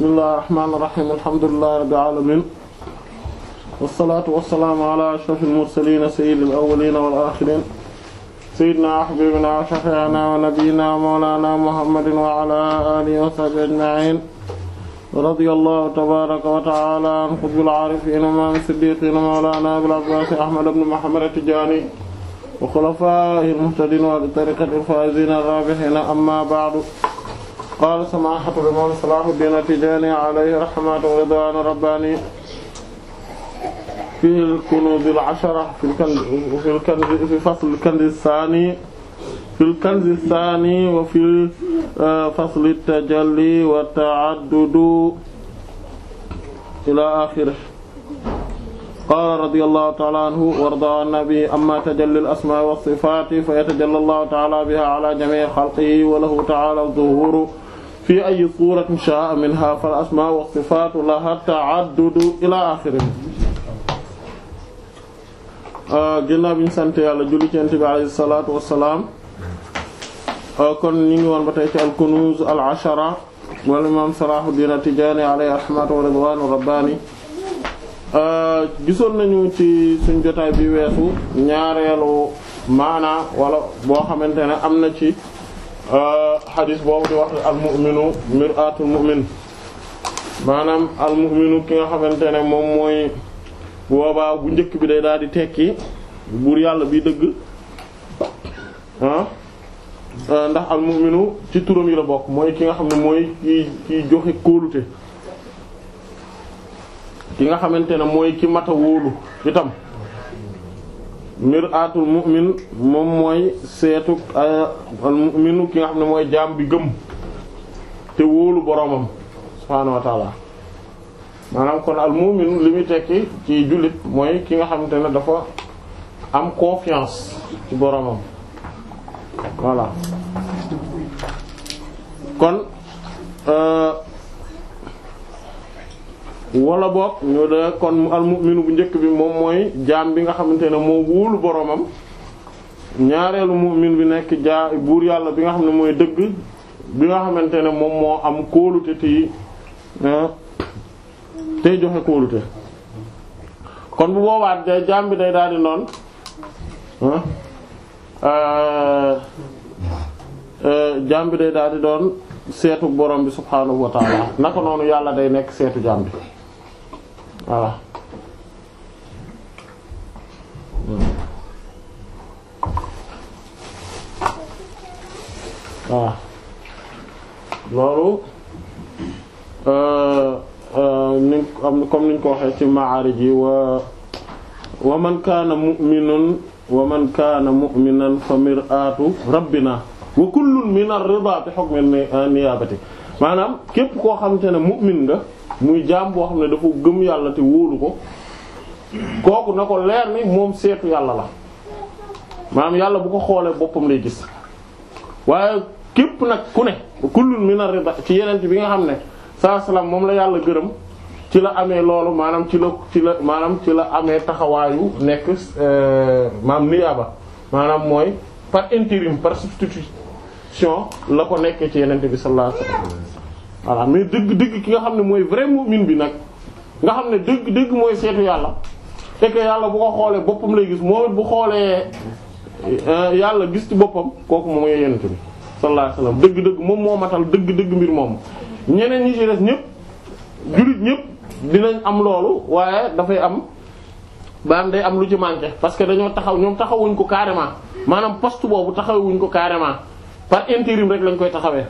bismillahir rahmanir rahim alhamdulillahi rabbil alamin wassalaatu wassalaamu ala ashrafil mursaliin sayyidil awwaliin wal aaxiriin sayyidinaa wa habiibinaa wa shafii'inaa wa nabiyyinaa mawlaanaa muhammadin wa ala aalihi wa sahbihi ajma'iin radiyallaahu tabaaraka wa ta'aalaa an qutbil aarifiin imaam siddiiqiin mawlaanaa abil abbaas ahmad ibn muhammad at-tijaani wa xulafaa'ihil muhtadiin wa bi tariiqatil faa'iziina raabihiina ammaa ba'du qaala samaahatu bi moom Salaahuddin At-Tijaani alayhi rahmatu wa ridwaanu rabbaani fil kunuuzil ashara fil kanzi fil fasli kanzi saani fil kanzi saani wa fil fasli tajalli wa ta'addudu ilaa aaxirihi qaala radiyallahu ta'aala anhu wa ardaa an-nabi amma tajallil asmaa wa sifaati fa yatajallaa Allahu ta'aala bihaa alaa jamii'i xalqihi wa lahu ta'aala zuhuuru fi ay suuratin sha'a minha fal asmaa wa sifaatu laha ta'addudu ila axirih ah, ginnaaw bi ñu sant yàlla julli ci Yonent bi alayhi wassalaam ah, kon ñu ngi woon ba tey ci al-Kunûz al-'Ashara wal imaam Salahuddin At-Tidjânî alayhi rahmatu wa ridwaanu rabbaani ah, gisoon nañu ci suñ bi weesu ñaareelu maana wala boo xamante ne am na ci xadis boobu di wax al mu'minu mir'atul mu'min maanaam al mu'minu ki nga xamante ne moom mooy boobaa bu njëkk bi day daal di tekki buur yàlla bi dëgg ndax al mu'minu ci turam yi la bokk mooy ki nga xam ne mooy ki ki joxe kóolute ki nga xamante ne mooy ki mata wóolu itam mir'atul mu'min moom mooy seetu euh, al mu'minu ki nga xam ne mooy jaam bi gëm te wóolu boromam subhaanahu wa ta'ala maanaam kon al mu'min li muy tekki ci jullit mooy ki nga xamante ne dafa am confiance ci boromam voilà kon. Euh, wala boog ñu de kon al mu'minu bu njëkk bi moom mooy jaam bi nga xamante ne moo wóolu boromam ñaareelu mu'min bi nekk jaa buur yàlla bi nga xam ne mooy dëgg bi nga xamante ne moom moo am kóolute ti eh, tey joxe kóolute kon bu boobaat da jaam bi day daal di noonu eh, eh, jaam bi day daal di doon seetu borom bi subhaanahu wa ta'ala naka noonu yàlla day nekk seetu jaam bi voilà voilà loolu euh, euh, niñ am comme ko waxee ci maarij yi wa wa man kaana mu'minun wa man kaana mu'minan fa mir'atu rabbina wa kullun min ar-ridha bi hukmi an-niyabati maanaam képp koo xamante ne mu'min nga muy jaam boo xam ne dafa gëm yàlla te wóolu ko kooku na ko leer ni moom seetu yàlla la maam yàlla bu ko xoolee boppam lay gis waaye képp nag ku ne kullun min ar-rida ci yeneen bi nga xam ne saa salaam moom la yàlla gërëm ci la amee loolu maanaam ci la ci la maanaam ci la amee taxawaayu nekk euh, maam niyaaba maanaam mooy par intérim par substitution la ko nekkee ci yeneen bi sallallahu voilà mais dëgg dëgg ki nga xam ne mooy vrai mu'min bi nag nga xam ne dëgg dëgg mooy seetu yàlla te yàlla bu ko xoolee boppam lay gis moom bu xoolee euh, yàlla gis ci boppam kooku moom mooy yonent bi sallallahu alayhi dëgg dëgg moom moo matal dëgg dëgg mbir moom ñeneen ñi si des ñëpp jullit ñëpp dinañ am loolu waaye dafay am baam day am lu ci manqué parce que dañoo taxaw ñoom taxawuñ ko carrément maanaam poste boobu taxawuñ ko carrément par intérim rek lañ koy taxawee.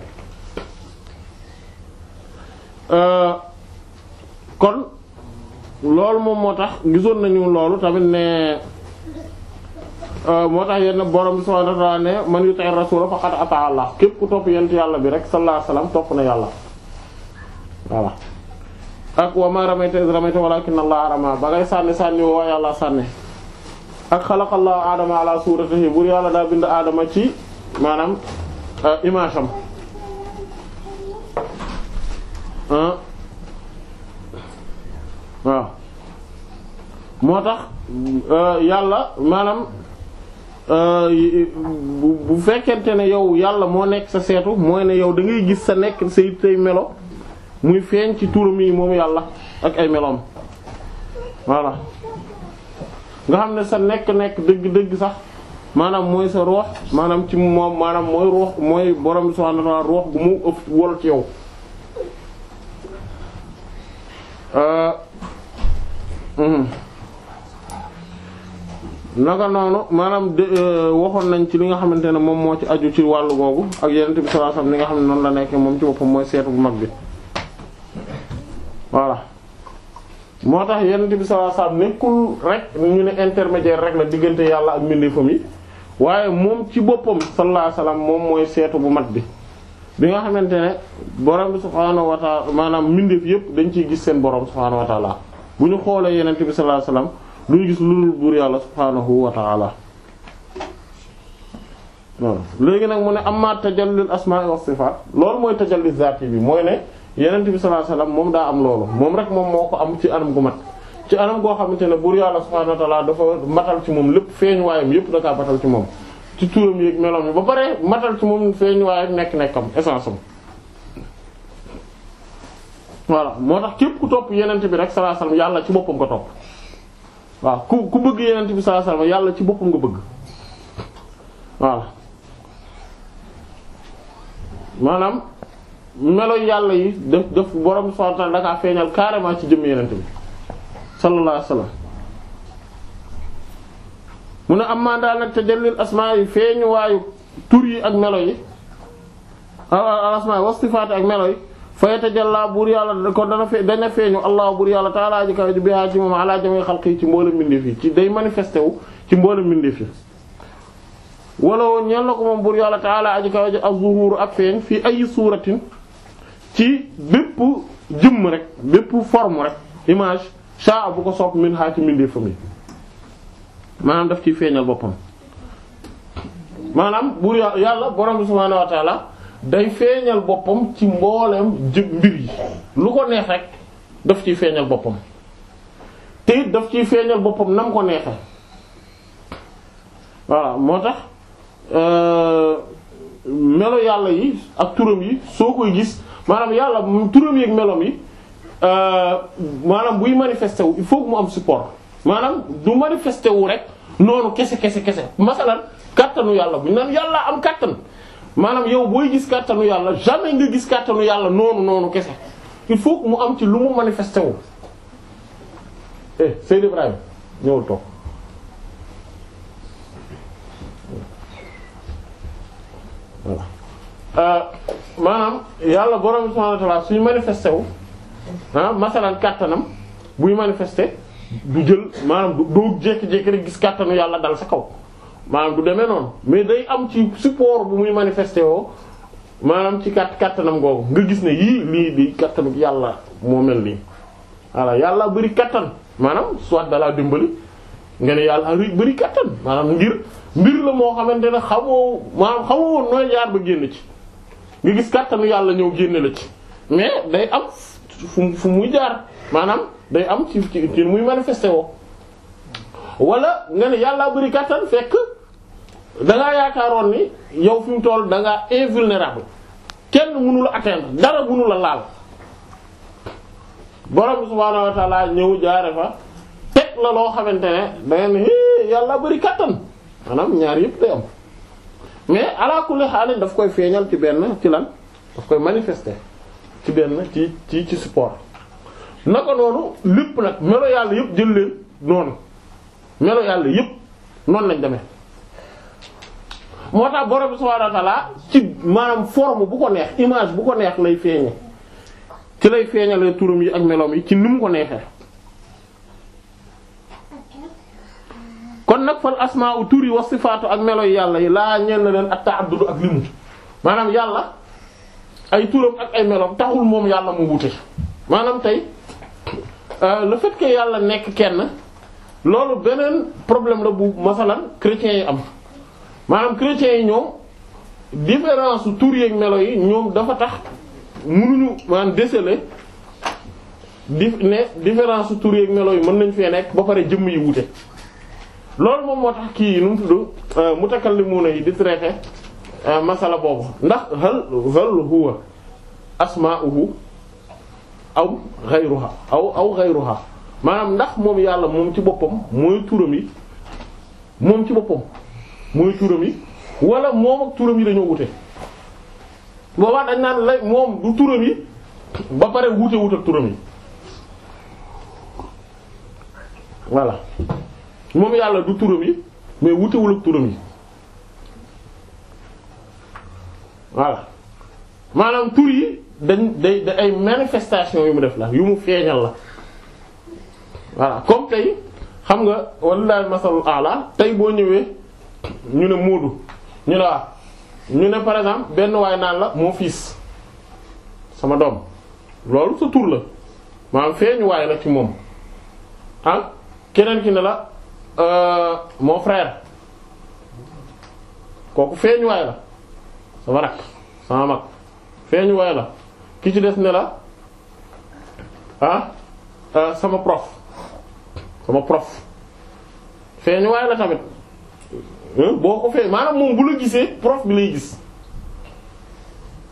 Euh, kon loolu moom moo tax gisoon nañu loolu tamit ne euh, moo tax yenn borom subhanahu wa ta'ala ne man yuti'ir rasula faqad ata'a Allah képp ku topp yent yàlla bi rek sallallahu alayhi wasallam topp na yàlla voilà ak wa ma ramayta iz ramayta walakin Allah rama ba ngay sànni sànni woo yàlla sànni ak xalaqallahu aadama ala suratihi buur yàlla daa bind aadama ci maanaam euh, image waaw moo tax euh, yàlla maanaam euh, bu fekkente ne yow yàlla moo nekk sa seetu mooy ne yow dangay gis sa nekk say tay melo muy feeñ ci turam yi moom yàlla ak ay meloom voilà nga xam ne sa nekk-nekk dëgg-dëgg sax maanaam mooy sa roox maanaam ci moom maanaam mooy roox mooy borom subhanahu roox gu mu ëpp wol ci yow Euh, hmm. naka noonu maanaam de euh, waxoon nañ ci li nga xamante ne moom moo ci aju ci wàllu googu ak yenent bi sallallahu alayhi li nga xam ne noonu la nekkee moom ci boppam mooy seetu bu mag bi voilà moo tax yenent bi sallallahu alayhi wasallam nekkul rek ñu ne intermédiaire rek la diggante yàlla ak mbindeefam yi waaye moom ci boppam sallallahu alayhi moom mooy seetu bu mag bi bi nga xamante ne borom bi subhaanahu wa maanaam mbindeef yépp dañ ciy gis seen borom subhaanahu wa taala bu ñu xoolee yenent bi sallallahu alayhi wasallam lu ñu gis lu dul buur yàlla subhaanahu wa taala léegi nag mu ne amma tajallil asmaa wa sifaat loolu mooy tajalli zaati bi mooy ne yenent bi sallallahu alayhi wasallam moom daa am loolu moom rek moom moo ko am ci anam gu mat ci anam goo xamante ne buur yàlla subhaanahu wa taala dafa matal ci moom lépp feeñ waayam yépp dakaa matal ci moom ci turam yeeg meloom mi ba pare matal ci moom feeñ waaye nekk nekkam essence am voilà moo tax képp ku topp yenent bi rek sallallahu yàlla ci boppam nga topp waaw ku ku bi sallallahu yàlla ci boppam nga bëgg maanaam melo yàlla yi daf daf borom subhanahu wa ta'ala da kaa feeñal carrément ci jëmm yenent bi sallallahu mu ne am mandaal nag te jallil asmaa yi feeñu waayu tur yi ak melo yi ah, ah, ah, asmaa yi wastifaat ak melo yi fayata jalla buur yàlla kon dana fe dana feeñu allah buur yàlla taalaa ji kawe ji ci moom alaa jami xalq ci day manifesté wu ci mboolem mbindeef yi yàlla taalaa aji kawe ji az-zuhuuru ak feeñ fii ay suuratin ci bépp jëmm rek bépp forme rek image saa bu ko sopp min xaa ci mbindeefam yi maanaam daf ciy feeñal boppam maanaam buur yàlla borom bi subhaanahu wa day feeñal boppam ci mbooleem jë mbir yi lu ko neex rek daf ciy feeñal boppam te daf ciy feeñal boppam nam ko neexe voilà moo tax euh, melo yàlla yi ak turam yi soo koy gis maanaam yàlla turam yi ak melom yi euh, maanaam buy manifesté wu il faut mu am support maanaam du manifesté wu rek noonu kese kese kese masalan kàttanu yàlla bu ñu yàlla am kàttan maanaam yow booy gis kàttanu yàlla jamais nga gis kàttanu yàlla noonu noonu kese il faut mu am ci lu mu manifesté wu. eh Seydou Ibrahima ñëwul toog euh, maanaam yàlla borom subhanahu wa ta'ala suy manifesté wu ah masalan kàttanam buy manifesté. du jël maanaam du doo jékki-jékki rek gis kàttanu yàlla dal sa kaw maanaam du demee noonu mais day am ci support bu muy manifesté woo maanaam ci kàtt kàttanam googu nga gis ne yii lii di kàttanu yàlla moo mel nii voilà yàlla bëri kàttan maanaam soit dalaa dimbali nga ne yàlla bëri ngir mbir la moo xamante ne xamoo maanaam xamoo woon nooy jaar ba génn ci nga gis kàttanu yàlla ñëw génne la ci mais day am fu fu muy jaar maanaam day am ci ci muy manifesté woo wala nga ne yàllaa bëri kàttan fekk dangaa yaakaaroon ni yow fi mu toll dangaa invulnérable kenn mënu la atteindre dara mënu la laal borom subhaanahu wa ta'ala ñëw jaare fa teg la loo xamante ne da ngeen yàlla bëri kàttan maanaam ñaar yëpp day am mais ala kulli haal daf koy feeñal ci benn ci lan daf koy manifester ci benn ci ci ci support naka noonu lépp nag melo yàlla yëpp jël noonu melo yàlla yëpp lañ deme moo tax borom bi subhaanahu wa ta'aala ci maanaam forme bu ko neex image bu ko neex lay feeñe ci lay feeñalee turam yi ak meloom yi ci ni mu ko neexee kon nag fal asmaa'u turi wa sifaatu ak melo yi yàlla yi laa ñeen na leen ak ta'addud ak limu maanaam yàlla ay turam ak ay meloom taxul moom yàlla mu wute maanaam tey Euh, le fait que yàlla nekk kenn loolu beneen problème la bu masalan chrétiens yi am maanaam chrétiens yi ñoom différence su tur yeeg melo yi ñoom dafa tax mënuñu maanaam déceler di ne différence su tur yeeg melo yi mën nañ fee nekk ba pare jëmm yi wuute. loolu moom moo tax kii yi nu mu tudd euh, mutakallimuna yi di traité euh, masala boobu ndax hal hal huwa asma'uhu aw xayruha aw aw xayruha maanaam ndax moom yàlla moom ci boppam mooy turam yi moom ci boppam mooy turam yi wala moom ak turam yi dañoo wute boobaa dañ naan lay moom du turam yi ba pare wute wut ak turam yi voilà moom yàlla du turam yi mais wutewul ak turam yi voilà maanaam tur yi dañ day da ay manifestation yu mu def la yu mu feeñal la voilà comme tey xam nga wallaahi masalul ala tey boo ñëwee ñu ne Moodu ñu ne waa ñu ne par exemple benn waay naan la moo fils sama doom loolu sa tur la maanaam feeñu waay la ci moom ak ah, keneen ki ne la euh, mon frère kooku feeñu waay la sama rak sama mag feeñu waay la ki ci des ne la ah, ah, sama prof sama prof feeñ waaye la tamit boo ko feeñ maanaam moom bu la gisee prof bi lay gis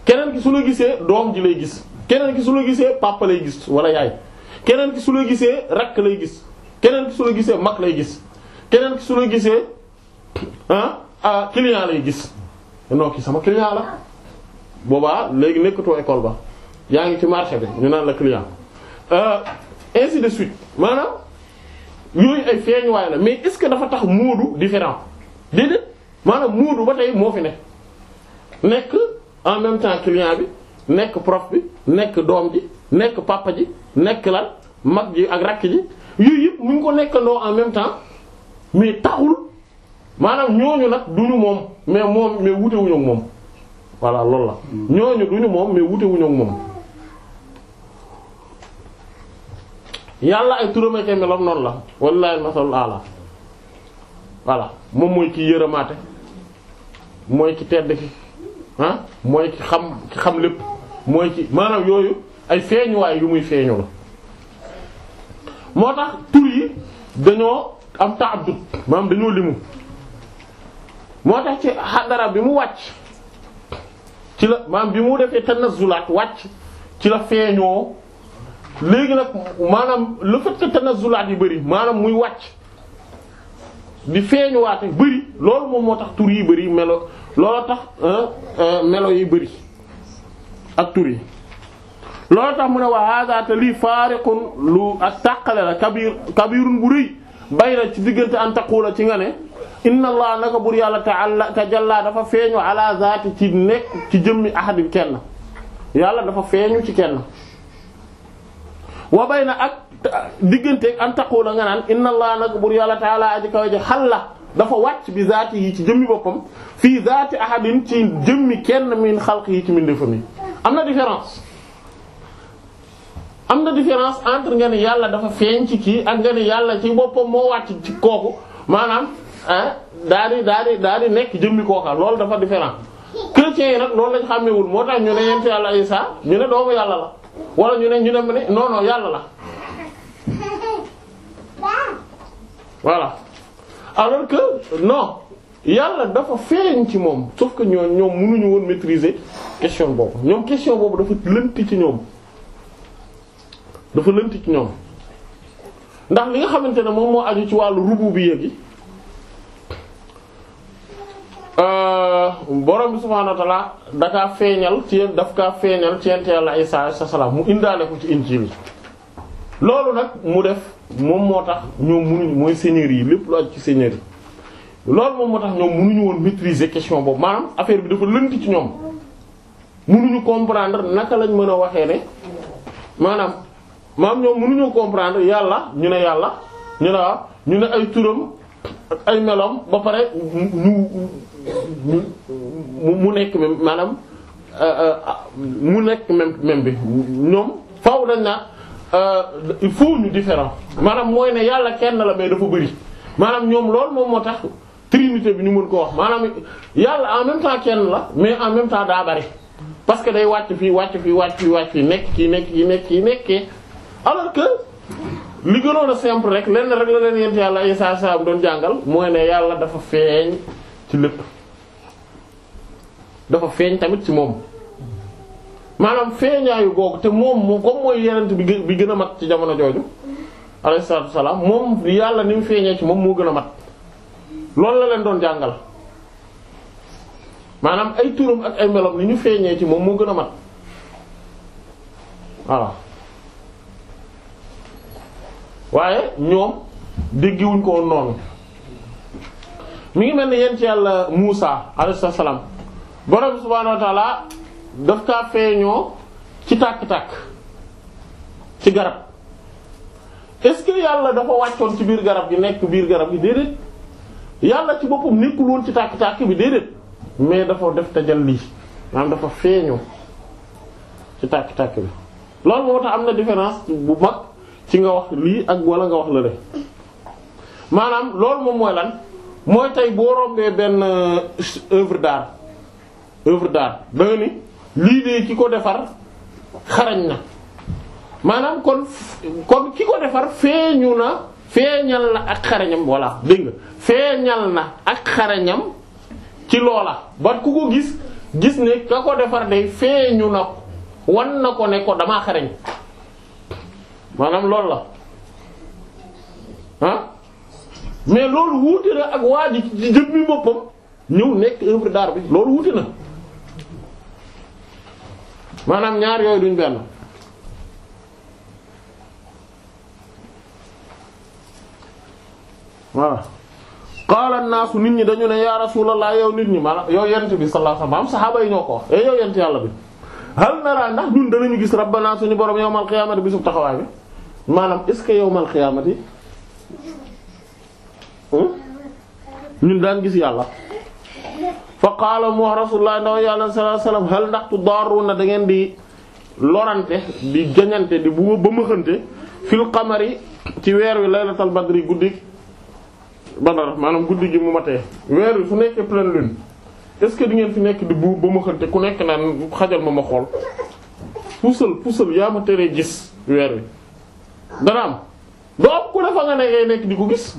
keneen ki su la gisee doom ji lay gis keneen ki su la gisee papa lay gis wala yaay keneen ki su la gisee rakk lay gis keneen ki su la gisee mag lay gis keneen ki su la gisee ah client lay gis non sama client la boobaa léegi nekkatoo école ba yaa ngi ci marché bi ñu naan la client euh, ainsi de suite maanaam yooyu ay feeñuwaay la mais est-ce que dafa tax moodu différent déedéet maanaam moodu ba tey moo fi ne nekk en même temps client bi nekk prof bi nekk doom ji nekk papa ji nekk lan mag ji ak rakk ji yooyu yëpp mu ngi ko nekkandoo en même temps mais taxul maanaam ñooñu nag duñu moom mais moom mais wute wuñu moom voilà loolu la hmm. ñooñu duñu moom mais wute wuñu moom yàlla ay turam ak melam noonu la wallaahi masalul ala voilà moom mooy ci yërëmaate mooy ki tedd ki ah, mooy ki xam xam lépp mooy ki maanaam yooyu ay feeñuwaay yu muy feeñu la moo tax tur yi dañoo am ta'addud maanaam dañoo limu moo tax ci xadara bi mu wàcc ci la maanaam bi mu defee tanazzulaat wàcc ci la feeñoo léegi nag maanaam le fait que tanazzulaat yi bëri maanaam muy wàcc di feeñuwaate bëri loolu moom moo tax tur yi bëri melo loolu tax melo yi bëri ak tur yi tax mu ne waa hada te lii faariqun lu ak tàqale la kabir kabirun bu rëy bay na ci diggante an taqula ci nga ne inna allah naka bur yàlla ta'ala tajalla dafa feeñu ala zaati ci nekk ci jëmmi ahadin kenn yàlla dafa feeñu ci kenn waa wa na ak digganteeg an taqula nga naan inna allah nag bur yàlla taala aji kaw ji la dafa wàcc bi zaati yi ci jëmmi boppam fii zaati ahadin ci jëmmi kenn miin xalq yi ci mbindeefam yi am na différence am na différence entre nga ne yàlla dafa feeñ ci kii ak nga ne yàlla ci boppam moo wàcc ci kooku maanaam ah daal di daal di daal di nekk jëmmi kooka loolu dafa différent chrétiens yi nag loolu lañ xàmmewul moo tax ñu ne yent yàlla ñu ne doomu yàlla la wala ñu ne ñu ne ma ne non yàlla la voilà alors que no yàlla dafa feeñ ci moom sauf que ñoo ñoom mënuñu woon maîtriser question boobu ñoom question boobu dafa lënt ci ñoom dafa lënt ci ñoom ndax li nga xamante ne moom moo aju ci wàllu rubu bi yi Euh, borom bi subhaanahu wa ta'aala da kaa feeñal ci daf kaa feeñal ci yonent Yàlla Isaa sa salaam mu indaale ko ci Injiil loolu nag mu def moom moo tax ñoom munuñu mooy seigneur yi lépp lu ci seigneur yi loolu moom moo tax ñoom munuñu woon maîtriser question boobu maanaam affaire bi dafa lënt ci ñoom munuñu comprendre naka lañ mën a waxee ne maanaam maam ñoom munuñu comprendre yàlla ñu ne yàlla ñu ne ah, ay turam ak ay meloom ba pare ñu mu mu nekk même maanaam euh, euh, mu nekk même même bi ñoom faaw dañ naa euh, il faut ñu différent maanaam mooy ne yàlla kenn la mais dafa bëri maanaam ñoom loolu moom moo tax trinité bi ñu mën ko wax maanaam yàlla en même temps kenn la mais en même temps daa bari parce que day wàcc fii wàcc fii wàcc fii wàcc fii nekk kii nekk kii nekk kii nekkee alors que li gënoon a simple rek lenn rek la leen yent yàlla ay saa saa doon jàngal mooy ne yàlla dafa feeñ ci lépp. dafa feeñ tamit ci moom maanaam feeñaayu googu te moom moom comme mooy yenent bi bi gën a mat ci jamono jooju alayhi salaatu salaam moom yàlla ni mu feeñee ci moom moo gën a mat loolu la jàngal maanaam ay turam ak ay melom ni ñu feeñee ci moom moo gën a mat voilà waaye ñoom déggiwuñ ko woon noonu mi ngi mel ni yéen ci yàlla Muusa alayhi salaam borom subhaanahu wa taala daf kaa feeñoo ci tàkk-tàkk ci garab est-ce que yàlla dafa wàccoon ci biir garab gi nekk biir garab gi déedéet yàlla ci boppam nekkul ci tàkk-tàkk bi déedéet mais dafa def tajalli maanaam dafa feeñoo ci tàkk-tàkk bi loolu moo tax am na différence bu mag ci nga wax lii ak wala nga wax la le maanaam loolu moom mooy lan mooy tey boo rombee benn euh, œuvre d'art œuvre d'art da ni lii de ki ko defar xarañ na maanaam kon kon ki ko defar feeñu na feeñal na ak xarañam voilà dégg nga feeñal na ak xarañam ci loola ba ku ko gis gis ne ka ko defar de feeñu na wan na ko ne ko damaa xarañ maanaam loolu la ah mais loolu wuute na ak waa ci jëmmi boppam ñëw nekk œuvre d'art bi loolu wuute na maanaam ñaar yooyu duñ benn voilà qaala naasu nit ñi dañu ne yaa rasulallah yow nit ñi maanaam yow yent bi sallallahu alayhi wasallam saxaaba yi ñoo ko wax eh, yow yent yàlla bi hal nara ndax ñun danañu gis rabbana suñu borom yowmal xiyaamati bi sub taxawaay bi maanaam est ce que yowmal xiyaamati hmm? ñun daan gis yàlla fa qaala mu wax rasulullah ndaw yàlla sa alayhi wasallam hal ndax tudaruna da ngeen di lorante di jañante di bu ba mëxante fil qamari ci weer wi laylatul badri guddi badar maanaam guddi gi mu matee weer wi fu nekkee pleine lune est-ce que di ngeen fi nekk di buub ba ma ku nekk naan xajal ma ma xool puusal puusal yaa ma teree gis weer wi dana doo am ku ne nga ne ngay nekk di ko gis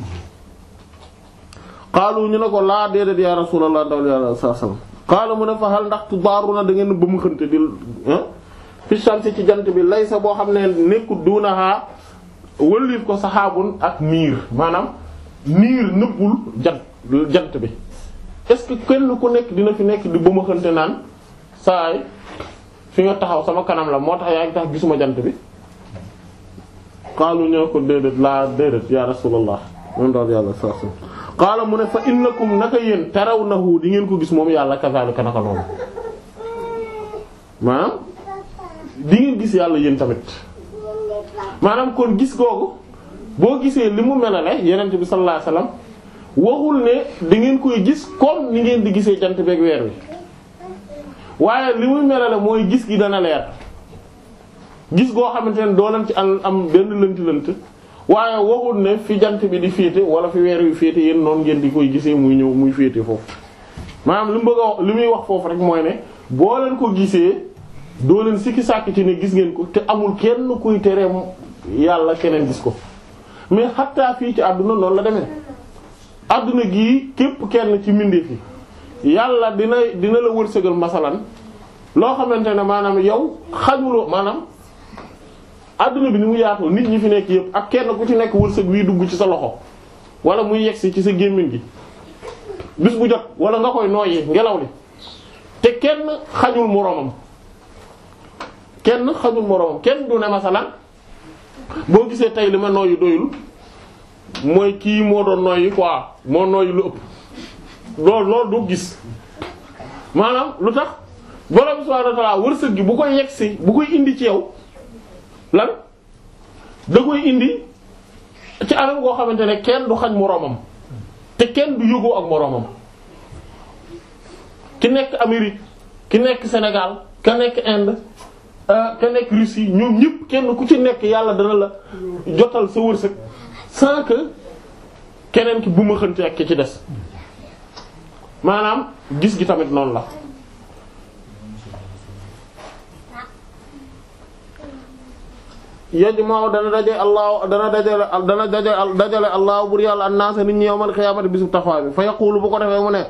xaalu ñu ne ko laa déedéet yaa rasulallah ndaw yàlla saa sallam xaalu mu ne fa xal ndax tubaaru na da ngeen ba mu xënte di fi shamsi ci jant bi lay sa boo xam ne nekkul duunaxaa wëlliif ko saxaabun ak niir maanaam niir nëbbul jant jant bi est-ce que kenn ku nekk dina fi nekk di ba mu naan saay fi nga taxaw sama kanam la moo tax yaa ngi tax gisuma jant bi xaalu ñoo ko déedéet laa déedéet yaa rasulallah moom daal yàlla saa sallam qaala mu ne fa innakum naka yéen tarawnahu di ngeen ko gis moom yàlla kazaalika naka noonu maanaam di ngeen gis yàlla yéen tamit maanaam kon gis googu boo gisee li mu melale yenent bi sallallahu alayhi wasallam waxul ne di ngeen koy gis comme ni ngeen di gisee jant beeg weer wi waaye li muy melale mooy gis gi dana leer gis goo xamante ne doo leen ci am benn lënt-lënt waaye waxul ne fi jant bi di féete wala fi weer yu féete yéen noonu ngeen di koy gisee muy ñëw muy féete foofu maanaam li mu bëgg a wax li muy wax foofu rek mooy ne boo leen ko gisee doo leen sikki sàkk ci ne gis ngeen ko te amul kenn kuy tereem yàlla keneen gis ko mais xataa fii ci àdduna noonu la demee àdduna gii képp kenn ci mbindeef yi yàlla dina dina la wërsëgal masalan loo xamante ne maanaam yow xajuloo maanaam adduna bi ni mu yaatoo nit ñi fi nekk yëpp ak kenn ku ci nekk wërsëg wii dugg ci sa loxo wala muy yegsi ci sa gémmiñ gi bis bu jot wala nga koy nooyi ngelaw li te kenn xañul moroomam kenn xañul moroomam kenn du ne masalan boo gisee tey li ma nooyi doyul mooy kii moo doon nooyi quoi moo nooyi lu ëpp loolu loolu doo gis maanaam lu tax borom subhanahu wa ta'ala wërsëg gi bu koy yegsi bu koy indi ci yow lan da koy indi ci anam goo xamante ne kenn du xaj moroomam te kenn du yógoo ak moroomam ki nekk Amérique ki nekk Sénégal ka nekk Inde euh, ka nekk Russie ñoom ñëpp kenn ku ci nekk yàlla dana la jotal sa wërsëg sans que keneen ki bu ma xënte ak ki ci des maanaam gis gi tamit noonu la yajma'u dana daje allah dana dajale dana dajale dajale allah bur yàlla annaasa nit ñi yawmal qiyaamati bisub taxawaay bi fa yaqulu bu ko defee mu ne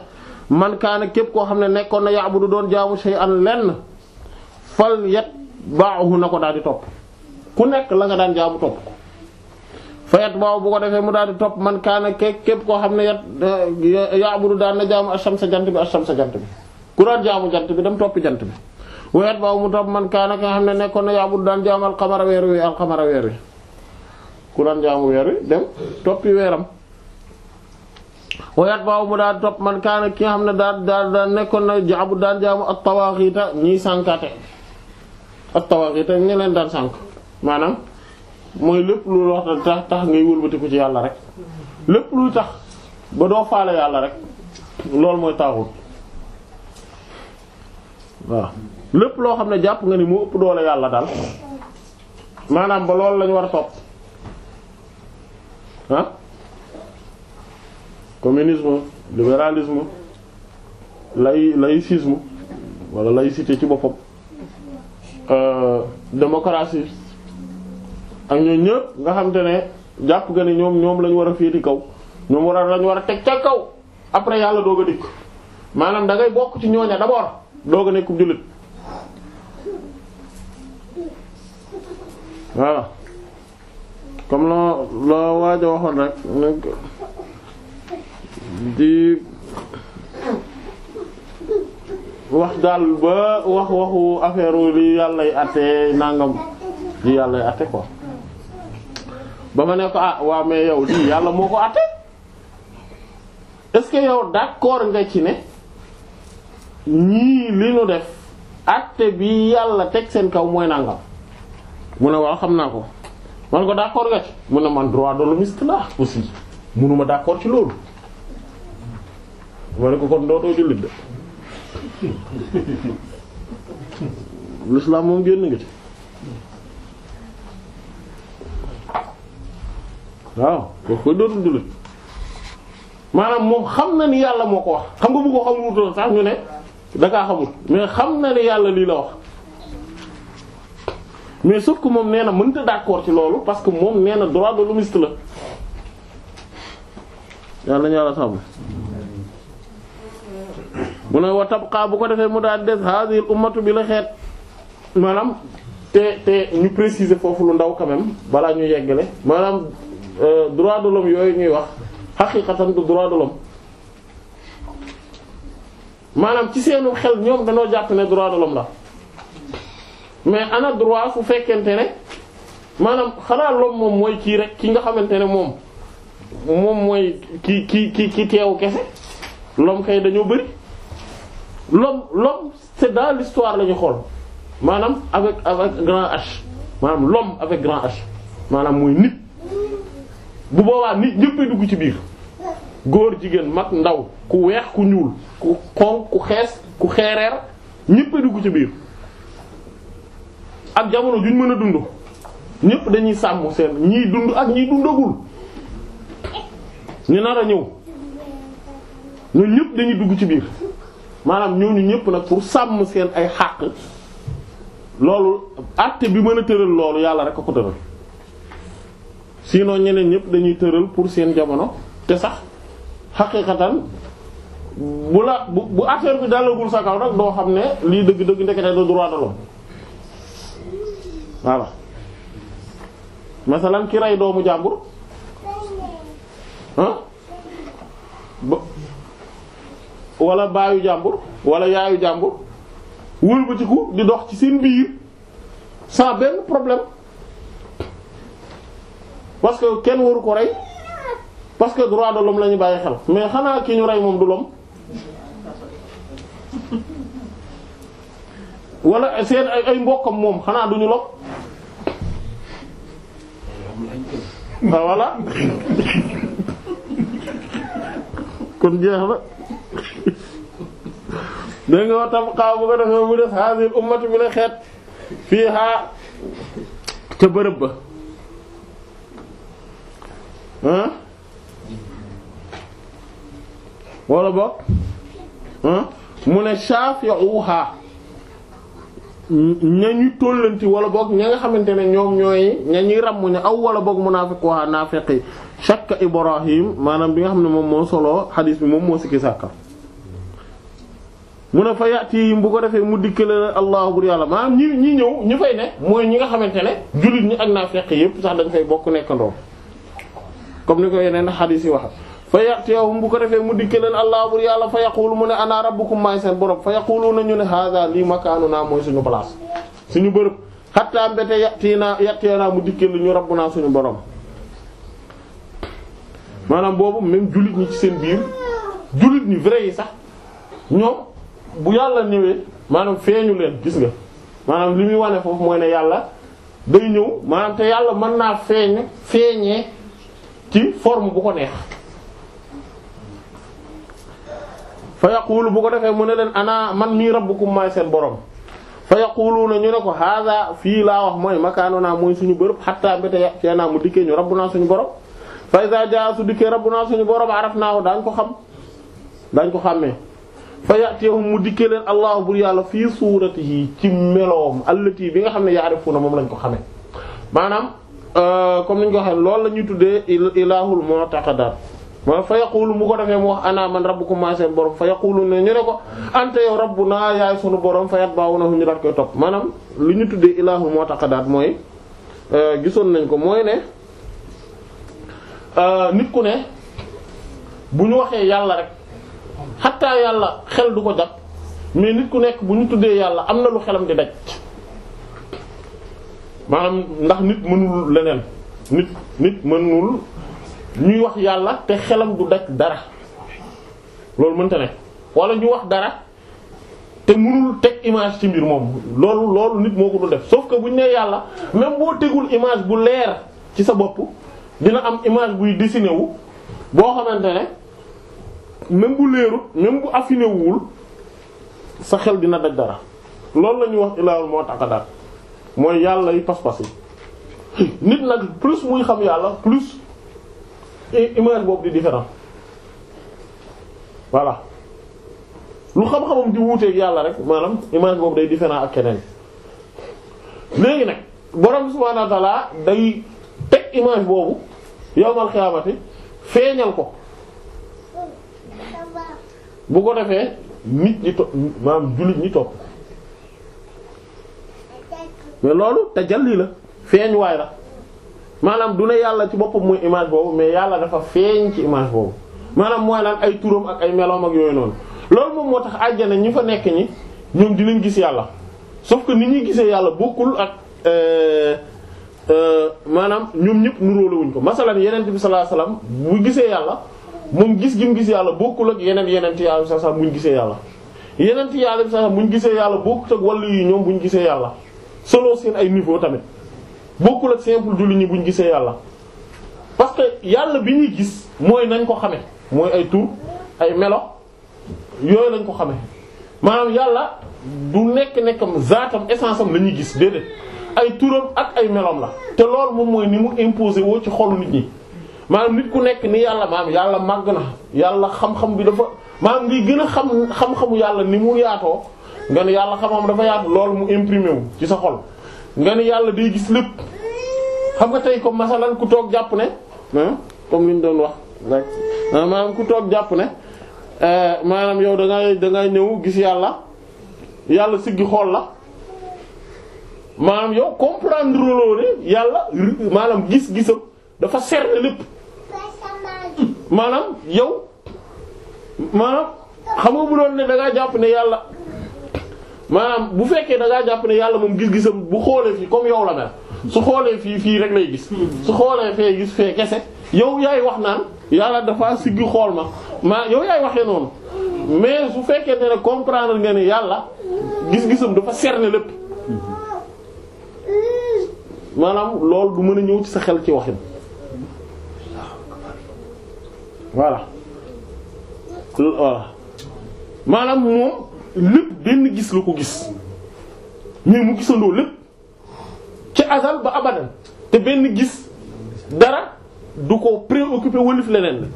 man kaana képp koo xam ne nekkoon na ya'budu doon jaamu shay'an lenn fal yatba'uhu na ko daal di topp ku nekk la nga daan jaamu topp bu ko defee mu daal di topp man kaana képp koo xam ne yat ya'budu daan na jaamu ash-shamsa jant bi ash-shamsa jant bi ku daan jaamu jant bi dem toppi jant bi. wayet baaw mu topp man kaana ka nekkoon na yaabud daan jaamu alxamara weer wi alxamara weer wi ku daan jaamu weer wi dem toppi weeram wayat baaw mu daan man kaana ki nga xam ne daan nekkoon na jaabud daan jaamu ak tawaaxiita ñiy sànkaate ak tawaaxiita ñi leen daan sànk maanaam mooy lépp lu wax tax tax ngay wëlbatiku ci yàlla rek lépp lu tax ba doo faale yàlla rek loolu mooy taaxul waaw lépp loo xam ne jàpp nga ni mu ëpp doole yàlla daal maanaam ba lool lañu war a topp ah communisme libéralisme lay laïcisme wala laïcité ci boppam euh, démocratie ak ñooñu ñëpp nga xam te ne jàpp nga ne ñoom ñoom lañu war a féeti kaw ñoom war a lañu war a teg ca kaw après yàlla doo a dikk maanaam dangay bokk ci ñooña d'abord doog a nekkub jullit voilà comme loo loo waaj waxoon rek di wax daal ba wax waxu affaire li yàllay àtte nangam yàlla yàllay àtte quoi ba ma ne ko ah waa mais yow lii yàlla moo ko àtte est-ce que yow d'accord nga ci ne ñii li nu def àtte bi yàlla teg seen kaw mooy nangam. mu ne waaw xam naa ko man ko d'accord nga ci mu ne man droit de l'hommiste la aussi munuma d'accord ci loolu ma ne ko kon dootoo jullit de l'islam moom génn nga ci waaw ko koy dootul jullit maanaam moom xam na ni yàlla moo ko wax xam nga bu ko xamul wutoon sax ñu ne da kaa mais xam na ni yàlla lii la wax mais sauf que moom nee na mënta d'accord ci loolu parce que moom nee na droit de l'hommiste la yàlla ñaala sàmm mu ne wa tabqa bu ko defee mu daal des hadhihi ummatu bi la xeet maanaam te te ñu préciser foofu lu ndaw quand balaa ñu yeggale maanaam euh, droit de l'homme yooyu ñuy wax xaqiqatan du droit de maanaam ci seenu xel ñoom dañoo jàpp ne droit de l'homme la mais ana droit fu fekkente ne maanaam xanaa loolu moom mooy kii rek kii nga xamante ne moom moom mooy ki ki ki ki teewu kese l'homme kay dañoo bari l'homme l'homme c'est dans l'histoire la ñu xool maanaam avec avec grand H maanaam lom avec grand H maanaam mooy nit bu boobaa nit ñëpp dugg ci biir góor jigéen mag ndaw ku weex ku ñuul ku xonq ku xees ku xeereer ñëpp dugg ci biir ak jamono juñ mën a dund ñépp dañuy sàmm seen ñiy dund ak ñiy dundagul ñu nar a ñëw ñu ñépp dañuy dugg ci biir maanaam ñooñu ñépp nag pour sàmm seen ay xàq loolu àtte bi mën a tëral loolu yàlla rek a ko tëral sinon ñeneen ñépp dañuy tëral pour seen jamono te sax xaqiqatan bu la bu bu affaire bi dalagul sa rek doo xam ne lii dëgg-dëgg ndekete du droit de l'homme voilà masalan ki rey doomu jàmbur ah ba wala baayu jàmbur walla yaayu jàmbur wëlbatiku di dox ci seen biir sans benn problème parce que kenn waru ko rey parce que droit de l'homme la ñu bàyyi xel mais xanaa ki ñu rey moom du l'homme wala seen ay mbokkam moom xanaa du ñu ah voilà kon jeex na dégg nga tam xaw bu ko defee mu des hasil ummatu bi ne xeet fii xaa ca bërëb ba ah wala mu ne shafi'uha ña ñu tóllanti wala boog ña nga xamante ne ñoom ñooy ña ñuy ràmm ña aw wala boog munaafiq waa naafeq yi shakka Ibrahim maanaam bi nga xam ne moom moo solo xadiis bi moom moo sikki sàkka mu ne fa yàttiim bu ko defee mu dikkale allahu bur yàlla maanaam ñi ñi ñëw ñi fay ne mooy ñi nga xamante ne jullit ñi ak naafeq yépp sax dañ fay bokk nekkandoo comme ni ko yeneen xadiis yi wax fa yatiyahum bu ko defee mu dikke leen allah bur yàlla fa yaqulu mu ne ana rabbukum maay seen borom fa yaquluna ñu ne hada lii makaanuna mooy suñu place suñu bërëb xattaa mbete yatina yatiyana mu dikke lu ñu rabbuna suñu borom maanaam boobu même jullit ñi ci seen biir jullit ñi vrai yi sax ñoom bu yàlla ñëwee maanaam feeñu leen gis nga maanaam li muy wane foofu mooy ne yàlla day ñëw maanaam te yàlla mën naa feeñ feeñee ci forme bu ko neex fa yaqulu bu ko defee mu ne leen ana man mii rabbukum maay seen borom fa yaquluuna ñu ne ko hada fii laa wax mooy makaano naa mooy suñu bërëb xatta mbéte yàq cee naa mu dikkee ñu rabbu naa suñu borom fa iza jaa su dikkee rabbu naa suñu borom araf naaw daañ ko xam daañ ko xàmmee fa yatihum mu dikkee leen allahu bur yàlla fii yi ci meloom allati bi nga xam ne na moom lañ ko xamee maanaam euh, comme ni ko waxee loolu la ñuy tuddee ilahul mu'taqadat waaw fa yaqulu mu ko defee mu wax ana man rabbukuma seen borom fa yaqulu ne ñu ne ko anta yow rabbuna yaay sunu borom fa yatba'unahu ñu daat koy topp maanaam lu ñu tuddee ilaahu mu'taqadaat mooy euh, gisoon nañ ko mooy ne euh, nit ku ne bu ñu waxee yàlla rek xataa yàlla xel du ko jàpp mais nit ku nekk bu ñu tuddee yàlla am na lu xelam di daj maanaam ndax nit mënul leneen nit nit mënul ñuy wax yàlla te xelam du daj dara loolu mënta ne wala ñu wax dara te mënul teg image ci mbir moom loolu loolu nit moo ko dul def sauf que bu ñu nee yàlla même boo tegul image bu leer ci sa bopp dina am image buy dessiné wu boo xamante ne même bu leerut même bu affiné sa xel dina daj dara loolu la ñuy wax ilaahul moo tax daal mooy yàlla yi pas-pas yi nit nag plus muy xam yàlla plus. image boobu di différent voilà lu xam-xamam di wuuteeg yàlla rek maanaam image boobu day différent ak keneen léegi nag borom subhaanahu wa day teg image boobu yawmal xiyaamati feeñal ko bu ko defee nit ñi topp maanaam jullit ñi topp mais loolu tajalli la feeñ waay la maanaam du ne yàlla ci boppam mooy image boobu mais yàlla dafa feeñ ci image boobu maanaam mooy lan ay turam ak ay meloom ak yooyu noonu loolu moom moo tax àjjana ñi fa nekk ñi ñoom dinañ gis yàlla sauf que ni ñuy gisee yàlla bokkul ak euh, euh, maanaam ñoom ñëpp nuróole wuñ ko masalan yeneen bi sallallahu alayhi wasallam bu gisee yàlla moom gis gi mu gis yàlla bokkul ak yeneen yeneen yàlla sallallahu alayhi wasallam buñ gisee yàlla yeneen yàlla sallallahu alayhi gisee yàlla bokkut ak wàllu yi ñoom buñ gisee yàlla selon seen ay niveau tamit bokkul ak simple julli ñi buñ gisee yàlla parce que yàlla bi ñuy gis mooy nañ ko xame mooy ay tur ay melo yooyu lañ ko xame maanaam yàlla du nekk nekkam zaatam essence am la ñuy gis déedéet ay turam ak ay melom la te loolu moom mooy ni mu imposé woo ci xolu nit ñi maanaam nit ku nekk ni yàlla maanaam yàlla màgg na yàlla xam-xam bi dafa maanaam ngi gën a xam xam-xamu yàlla ni mu yaatoo nga ne yàlla xam-xam dafa yaatu loolu mu imprimé wu ci sa xol nga ni yàlla day gis lépp xam nga tey comme masalan ku toog jàpp ne comme li ñu doon wax toog jàpp ne euh, maanaam yow da ngay da ñëw gis yàlla yàlla siggi xool la maanaam yow comprendre loo yàlla maanaam gis-gisam dafa cerner lépp maanaam yow maanaam xam nga bu doon ne da jàpp ne yàlla. maanaam bu fekkee da jàpp ne yàlla moom gis-gisam bu xoolee fii comme yow la mel su xoolee fii fii rek lay gis su xoolee fee gis fee kese yow yaay wax naan yàlla dafa siggi xool ma maa yow yaay waxee noonu mais su fekkee ne comprendre nga ne yàlla gis-gisam dafa cerner lépp maanaam loolu du mën a ñëw ci sa xel ci waxin voilà voilà maanaam moom lépp benn gis la ko gis mais mu gisandoo lépp ci azal ba abadan te benn gis dara du ko préoccupé wëlif leneen la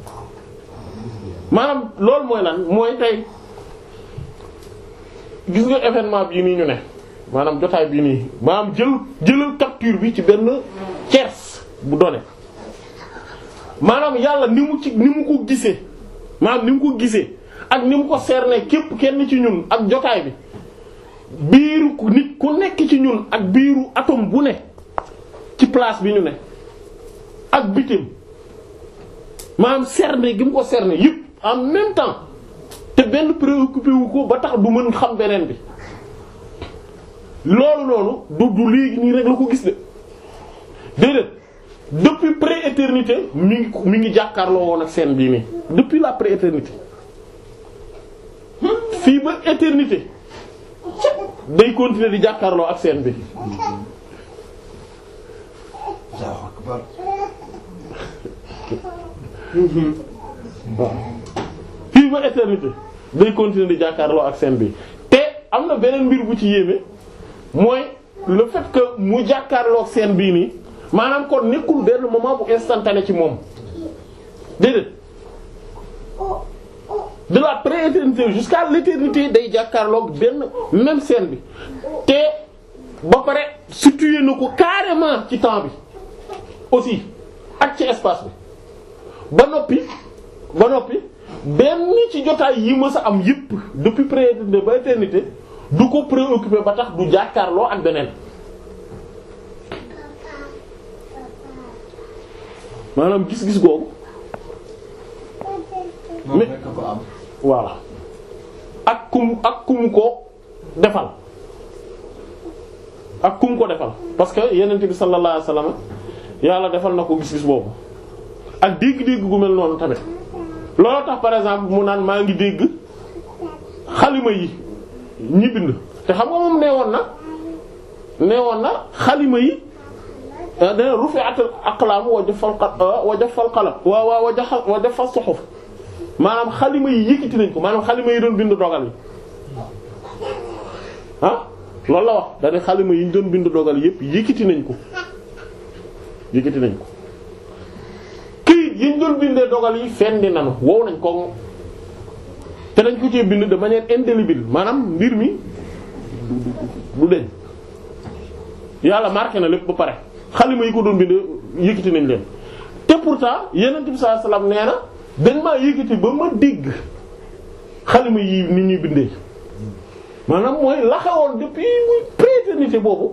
maanaam loolu mooy lan mooy tey gis nga événement bii nii ñu ne maanaam jotaay bi nii maanaam jël jëlal capture bi ci benn tiers bu donné maanaam yàlla ni mu ci ni mu ko gisee maanaam ni mu ko gisee ak ni mu ko cerner képp kenn ci ñun ak jotaay bi biiru nit ku nekk ci ñun ak biiru atome bu ne ci place bi ñu ne ak bitim maanaam cerner gi mu ko cerner yëpp en même temps te benn préoccupé wu ko ba tax du mën xam beneen bi loolu loolu du du léegi nii rek la ko gis de déedéet depuis prééternité mi ngi mu ngi jàkkaarloo woon ak seen bii nii depuis la prééternité fii ba éternité day continuer di jàkkaarloo ak seen bi fii di jàkkaarloo ak bi te am na beneen mbir bu ci yéeme mooy le fait que mu jàkkaarloo ak seen bii nii maanaam kon nekkul benn moment bu instantané ci moom déedéet de la prééternité jusqu'à l'éternité day jàkkaarloog benn même scène bi te ba pare situé na ko carrément ci temps bi aussi ak ci espace bi ba noppi ba noppi benn ci jotaay yi ma sa am yépp depuis prééternité ba éternité du ko préoccupé ba tax du jàkkaarloo ak beneen maanaam gis-gis googu. waaw ak kum ak kum ko defal ak kum ko defal parce que yeneen bi sallallahu alayhi wasallam yàlla defal na ko gis-gis boobu ak dégg-dégg gu mel noonu tamit loolu tax par exemple mu naan maa ngi dégg xalima yi ñi bind te xam nga moom nee woon na nee woon na xalima yi dana ah, rufi'atul aqlam wa jaffal qalam ah, wa wa wa jaffal suhuf maanaam xalima yi yëkkati nañ ko maanaam xalima yi doon bind dogal yi ah loolu la wax dañuy xalima yi ñu doon bind dogal yépp yëkkati nañ ko yëkkati nañ ko këyit yi ñu doon bindee dogal yi fendi nañu wow nañ ko te dañ ko ci bind de manière indélébile maanaam mbir mi du deñ yàlla marqué na lépp ba pare xalima yi ko doon bind yëkkati nañ leen te pourtant yeneen bi sallallahu alayhi nee na dañ maa yëkkati ba ma dégg xalima yi ni ñuy bindee maanaam mooy la xewoon depuis muy préternité boobu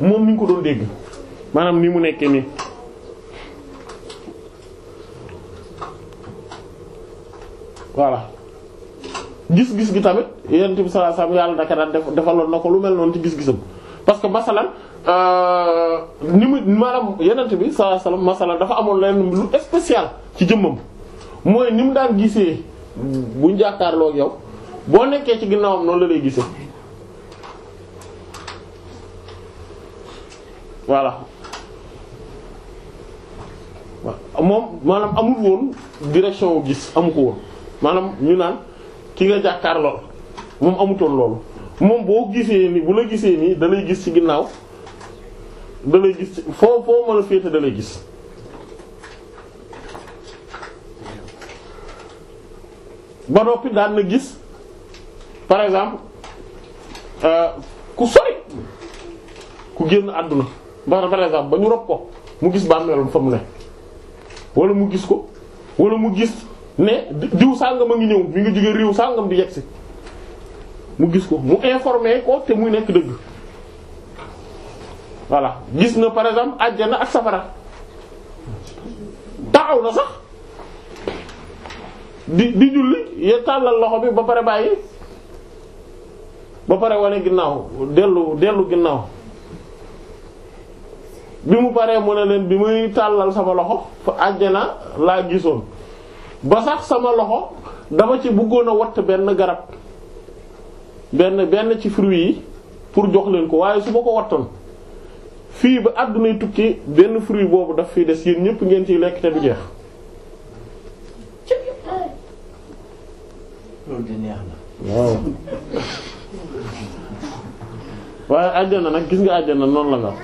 moom ni ko doon dégg maanaam ni mu nekkee nii voilà gis-gis gi tamit yonent bi sallallahu alayhi yàlla daka daan def defaloon na ko lu mel noonu ci gis-gisam parce que Euh, ni mu maanaam yenent bi sa alayhi wasallam dafa amoon leen lu spécial ci jëmmam mooy ni mu daan gisee buñ jàkkaarloo ak yow boo nekkee ci ginnaawam noonu la lay gisee voilà moom maanaam amul woon direction wu gis amu ko woon maanaam ñu naan ki nga jàkkaarloo moom amutoon loolu moom boo gisee ni bu la gisee nii da gis ci ginnaaw da gis foo foo mën a féete da gis ba noppi daan na gis par exemple euh, ku sori ku génn àdduna ba par exemple ba ñu rob ko mu gis bàmmeelam fa mu ne wala mu gis ko walla mu gis ne diw sàngam a ngi ñëw mi ngi jóge réew sàngam di yegsi mu gis ko mu informé ko te muy nekk dëgg voilà gis na par exemple àjjana ak safara taxaw na sax di di julli ya tàllal loxo bi ba pare bàyyi ba pare wane ginnaaw dellu dellu ginnaaw bi mu paree mu ne leen bi muy tàllal sama loxo fa àjjana laa gisoon ba sax sama loxo dama ci bëggoon a watt benn garab benn benn ci fruit yi pour jox leen ko waaye su ma ko wattoon fii ba àddunay tukki benn fruit boobu daf fiy des yéen ñëpp ngeen ci lekk te du jeex. waaw. waaye àjjana nag gis nga àjjana noonu la nga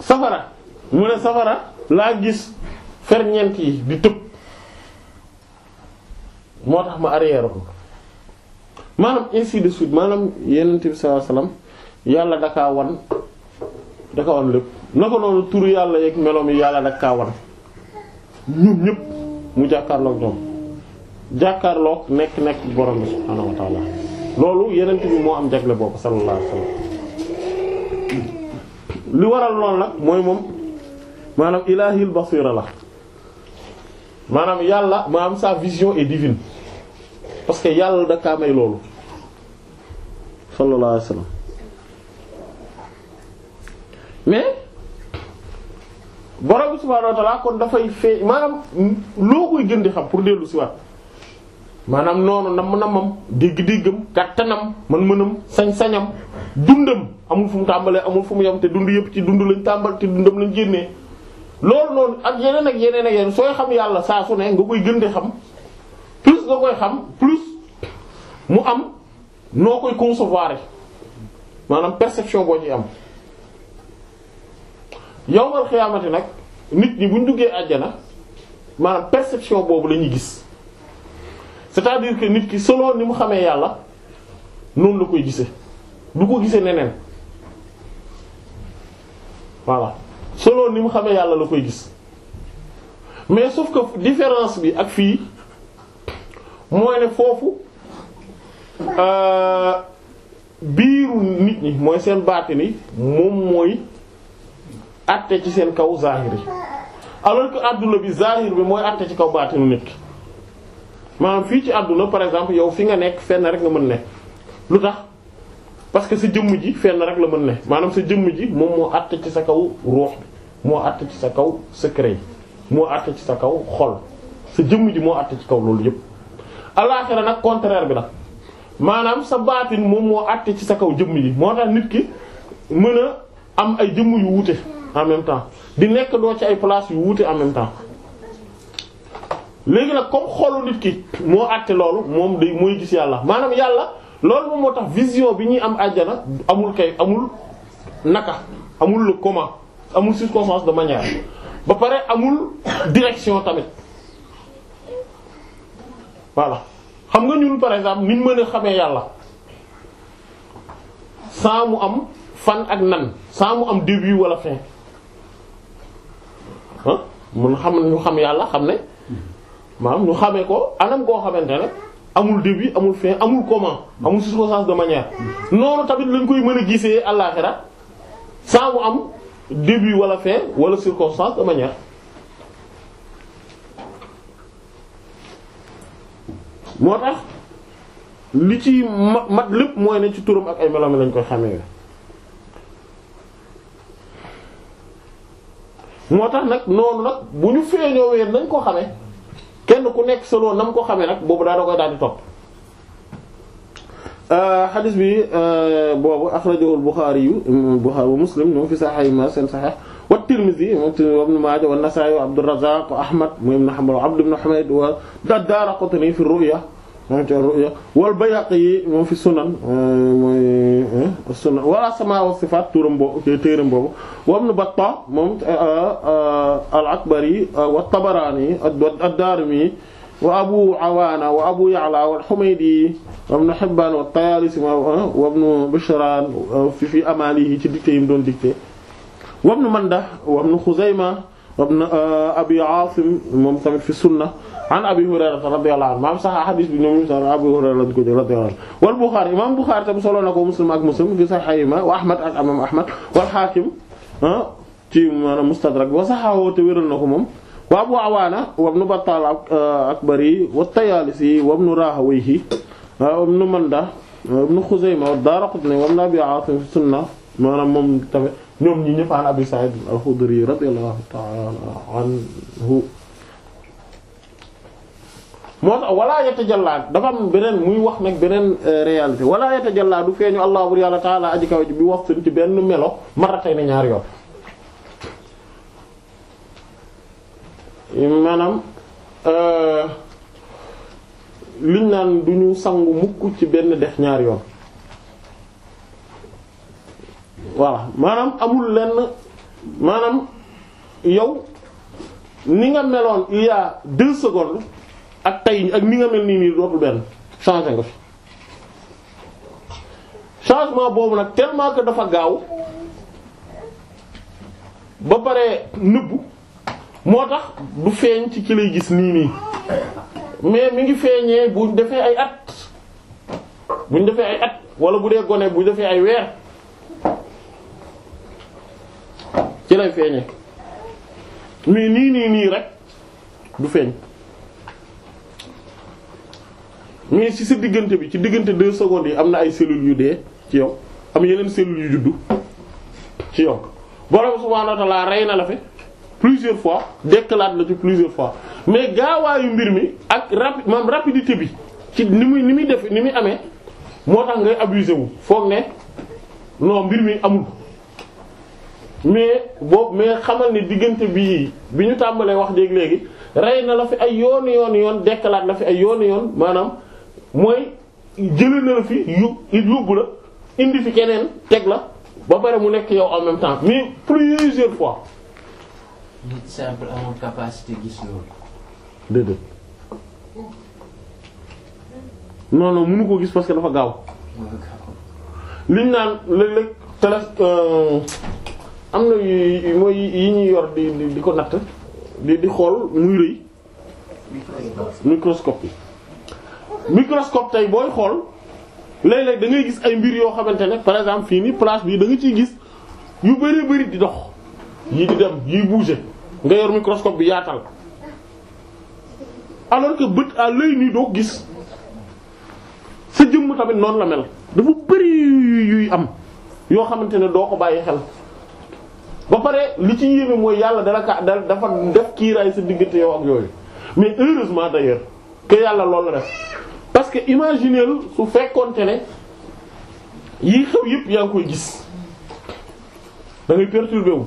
safara mu ne safara laa gis ferñeent yi di tëb moo tax ma arrière ko maanaam ainsi de suite maanaam yenent bi sallallahu alayhi yàlla dakaa wan daka wan lépp na ko noonu turu yàlla yeeg meloom mi yàlla dakaa wan ñun ñëpp mu jàkkaarloog ñoom jàkkaarloog nekk nekk borom bi subhaanahu wa loolu yenent bi moo am jagle boobu sallallahu alayhi wasallam li waral lool nag mooy moom maanaam ilaahil basira la maanaam yàlla maanaam sa vision est divine parce que yàlla da kaa may loolu sallallahu alayhi wasallam mais borom subhaanahu wa kon dafay fee maanaam loo koy gën di xam pour dellu si waat maanaam noonu nam namam dégg-déggam kàttanam mën-mënam sañ-sañam dundam amul fu mu tàmbalee amul fu mu yem te dund yëpp ci dund lañ tàmbal te dundam lañ génnee loolu noonu ak yeneen ak yeneen ak yeneen sooy xam yàlla saa su ne nga koy gën di xam plus nga koy xam plus mu am noo koy concevoir maanaam perception boo ci am yowmal xiyaamati nag nit ñi buñ duggee àjjana maanaam perception boobu la ñuy gis c'est-à-dire que nit ki selon ni mu xamee yàlla noonu la koy gisee du ko gisee neneen voilà selon ni mu xamee yàlla la koy gis mais sauf ko différence bi ak fii mooy ne foofu euh, biiru nit ñi mooy seen baatini moom mooy àtte ci seen kaw zahiri alors que àdduna bi zahir bi mooy àtte ci kaw baatinu nit ki maanaam fii ci àdduna par exemple yow fi nga nekk fenn rek nga mën ne lu tax parce que sa jëmm ji fenn rek la mën ne maanaam sa jëmm ji moom moo àtt ci sa kaw ruux bi moo àtt ci sa kaw secret yi moo àtt ci sa kaw xol sa jëmm ji moo àtt ci kaw loolu yëpp. alaaxira nag contraire bi la maanaam sa baatin moom moo àtt ci sa kaw jëmm ji moo tax nit ki mën a am ay jëmm yu wuute en même temps di nekk doo ci ay place yu wuute en même temps. léegi nag comme xolu nit ki moo àtte loolu moom day mooy gis yàlla maanaam yàlla. loolu moom moo tax vision bi ñuy am àjjana amul kay amul naka amul le comment amul circonstance de manière ba pare amul direction tamit voilà xam nga ñun par exemple niñ mën a xamee yàlla sans mu am fan ak nan saa mu am début wala fin ah mun xam ñu xam yàlla xam ne maanaam ñu xamee ko anam koo xamante ne amul début amul fin amul comment amul circonstance de manière noonu tamit lañ koy mën a gisee àllaxira saa mu am début wala fin wala circonstance de manière moo tax li ci mat mat lépp mooy ne ci turam ak ay meloom lañ koy xamee moo tax nag noonu nag bu ñu feeñoo weer nañ ko xamee kenn ku nekk selon nam ko xamee nag boobu daa da koy daal di topp xadis euh, bi euh, boobu axrajahu al-Buxaari yu euh, Buxaari wa Muslim ñoom fi saxiixayhimaa seen saxiix wa Tirmizi moom wa Ibnu Maaja wa Nasaa'i wa Abdurrazaaq wa Ahmad mu ibn Hanbal wa Abd ibn Humayd wa Daaraqutni fi ru'ya ci ar-ru'ya wal Bayhaqi moom fi sunan eh, mooy eh, sunan wal asmaa wa sifaat turam boobu téeram boobu wa Ibn Battah moom eh, al-Akbari wa Tabaraani ad-Daarimi wa Abu Awaana wa Abu Ya'la wal Humaydi wa Ibn Hibbaan wa Tayaalisi wa Ibn Bishraan fi fi amaalihi ci dictée yi mu doon dictée wa Ibn Manda wa Ibn Xuzayma ibn uh, Abi Asim moom tamit fi sunna an Abi Hurayra radiyallahu anhu maam sax hadith bi ñoom ñu sax Abi Hurayra lañ ko jël radiyallahu anhu wal Bukhari imam Bukhari tam solo na ko Muslim ak Muslim fi sahihima wa Ahmad ak imam Ahmad wal Hakim ah, ci maanaam Mustadrak wa sahahu te wéral na ko moom wa Abu Awana wa ibn Battal al-Akbari uh, wa at-Tayalisi wa ibn Rahawayhi ah, wa ibn Manda wa ibn Khuzaymah wa ad-Daraqutni wa ibn Abi Asim fi sunna maanaam moom tamit ñoom ñi ñëpp an Abi Sa'id al-Khudri radiyallahu anhu moo tax wala yatajalla dafa am beneen muy wax nag beneen euh, réalité wala yatajalla du feeñu allah bur yàlla taala aji kaw ji bi wax ci benn melo maratay na ñaar yoon maanaam euh, liñ naan duñu sangu mukk ci benn dex ñaar yoon voilà maanaam amul lenn maanaam yow ni nga meloon il y a deux secondes ak tey ak ni nga mel nii nii dootul benn changé nga fi changement boobu nag tellement que dafa gaaw ba pare nëbbu moo tax du feeñ ci ki lay gis nii nii mais mi ngi feeñee buñ defee ay at buñ defee ay at wala bu dee gone bu defee ay weer. ci lay feeñee mais nii nii nii rek du feeñ mais ci sa diggante bi ci diggante deux secondes yi am na ay cellules yu dee ci yow am yeneen cellules yu juddu ci yow borom subhaanahu wa rey na la fi plusieurs fois dekkalaat la ci plusieurs fois mais gaawaayu mbir mi ak rapi maam rapidité bi ci ni muy ni muy def ni muy amee moo tax ngay abusé wu foog ne non mbir mi amul. mais boobu mais xamal ne diggante bii bi ñu tàmbalee wax dégg léegi rey na la fi ay yoon yoon yoon dekkalaat la fi ay yoon yoon maanaam mooy jëlee na la fi yóbbu la indi fi keneen teg la ba pare mu nekk yow en même temps mais plusieurs fois. nit simple amul gis loolu. ko gis parce que dafa gaaw. liñ naan léeg-léeg télé. Euh, am na yu mooy yi ñuy yor di di ko natt di di xool muy rëy microscope yi microscope tey booy xool léeg-léeg da ngay gis ay mbir yoo xamante ne par exemple fii nii place bi danga nga gis yu bari bari di dox yi di dem yi bouger nga yor microscope bi yaatal alors que bët à l'œil doo gis sa jëmm tamit noonu la mel dafa bari yuy am yoo xamante ne doo ko bàyyi xel ba pare li ci yéeme mooy yàlla dala ka dafa def kiiraay sa diggante yow ak yooyu mais heureusement d'ailleurs que yàlla loolu la def parce que imaginer su fekkoonte ne yi xew yëpp yaa ngi koy gis da ngay perturbé wu.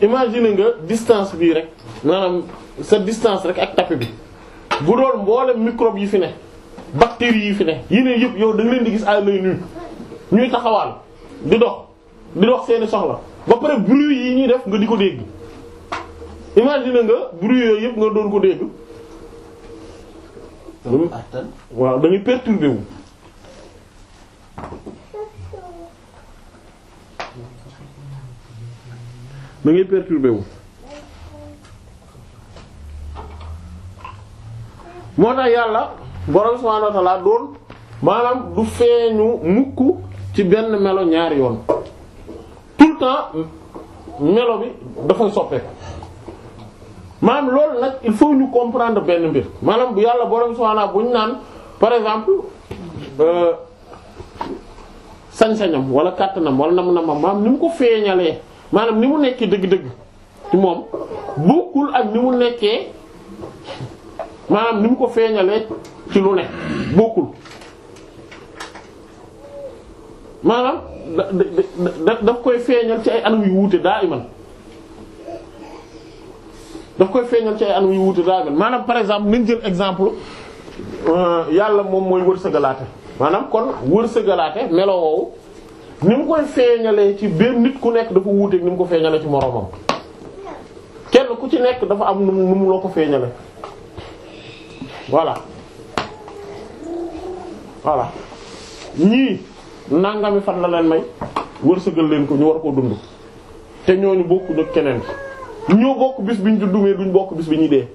imaginer nga distance bii rek maanaam sa distance rek ak tapis bi bu doon mboolem microbe yi fi ne bactéries yi fi ne yeneen yëpp yow da leen di gis à l'œil nu ñuy taxawaal di dox. di dox seeni soxla ba pare bruit yi ñuy def nga di ko dégg imagine nga bruit yooyu yëpp nga doon ko dégg waaw dañuy perturbé wu da ngay wu moo tax yàlla borom subhanahu wa doon maanaam du feeñu mukk ci benn melo ñaari yoon tout le temps melo bi dafay soppeeku maanaam loolu nag il faut ñu comprendre benn mbir maanaam bu yàlla borom subhaanahu bu ñu naan par exemple euh, sañ-sañam wala kàttanam wala nam-namam maanaam ni mu ko feeñalee maanaam ni mu nekkee dëgg-dëgg ci moom bokkul ak ni mu nekkee maanaam ni mu ko feeñalee ci lu ne bokkul. maanaam da daf koy feeñal ci ay anam yu wuute daa iman daf koy feeñal ci ay anam yu wuute daa iman maanaam par exemple nañ jël exemple euh, yàlla moom mooy wërsëgalaate maanaam kon wërsëgalaate melo woowu ni mu koy feeñalee ci biir nit ku nekk dafa wuuteeg ni mu ko feeñalee ci moroomam kenn ku ci nekk dafa am nu mu nu mu loo ko feeñale voilà voilà ñii. nangami fan la leen may wërsëgal leen ko ñu war koo dund te ñooñu bokkuñu ak keneen ñoo bokk bis bi ñu juddu mais duñ bokk bis bi ñuy dee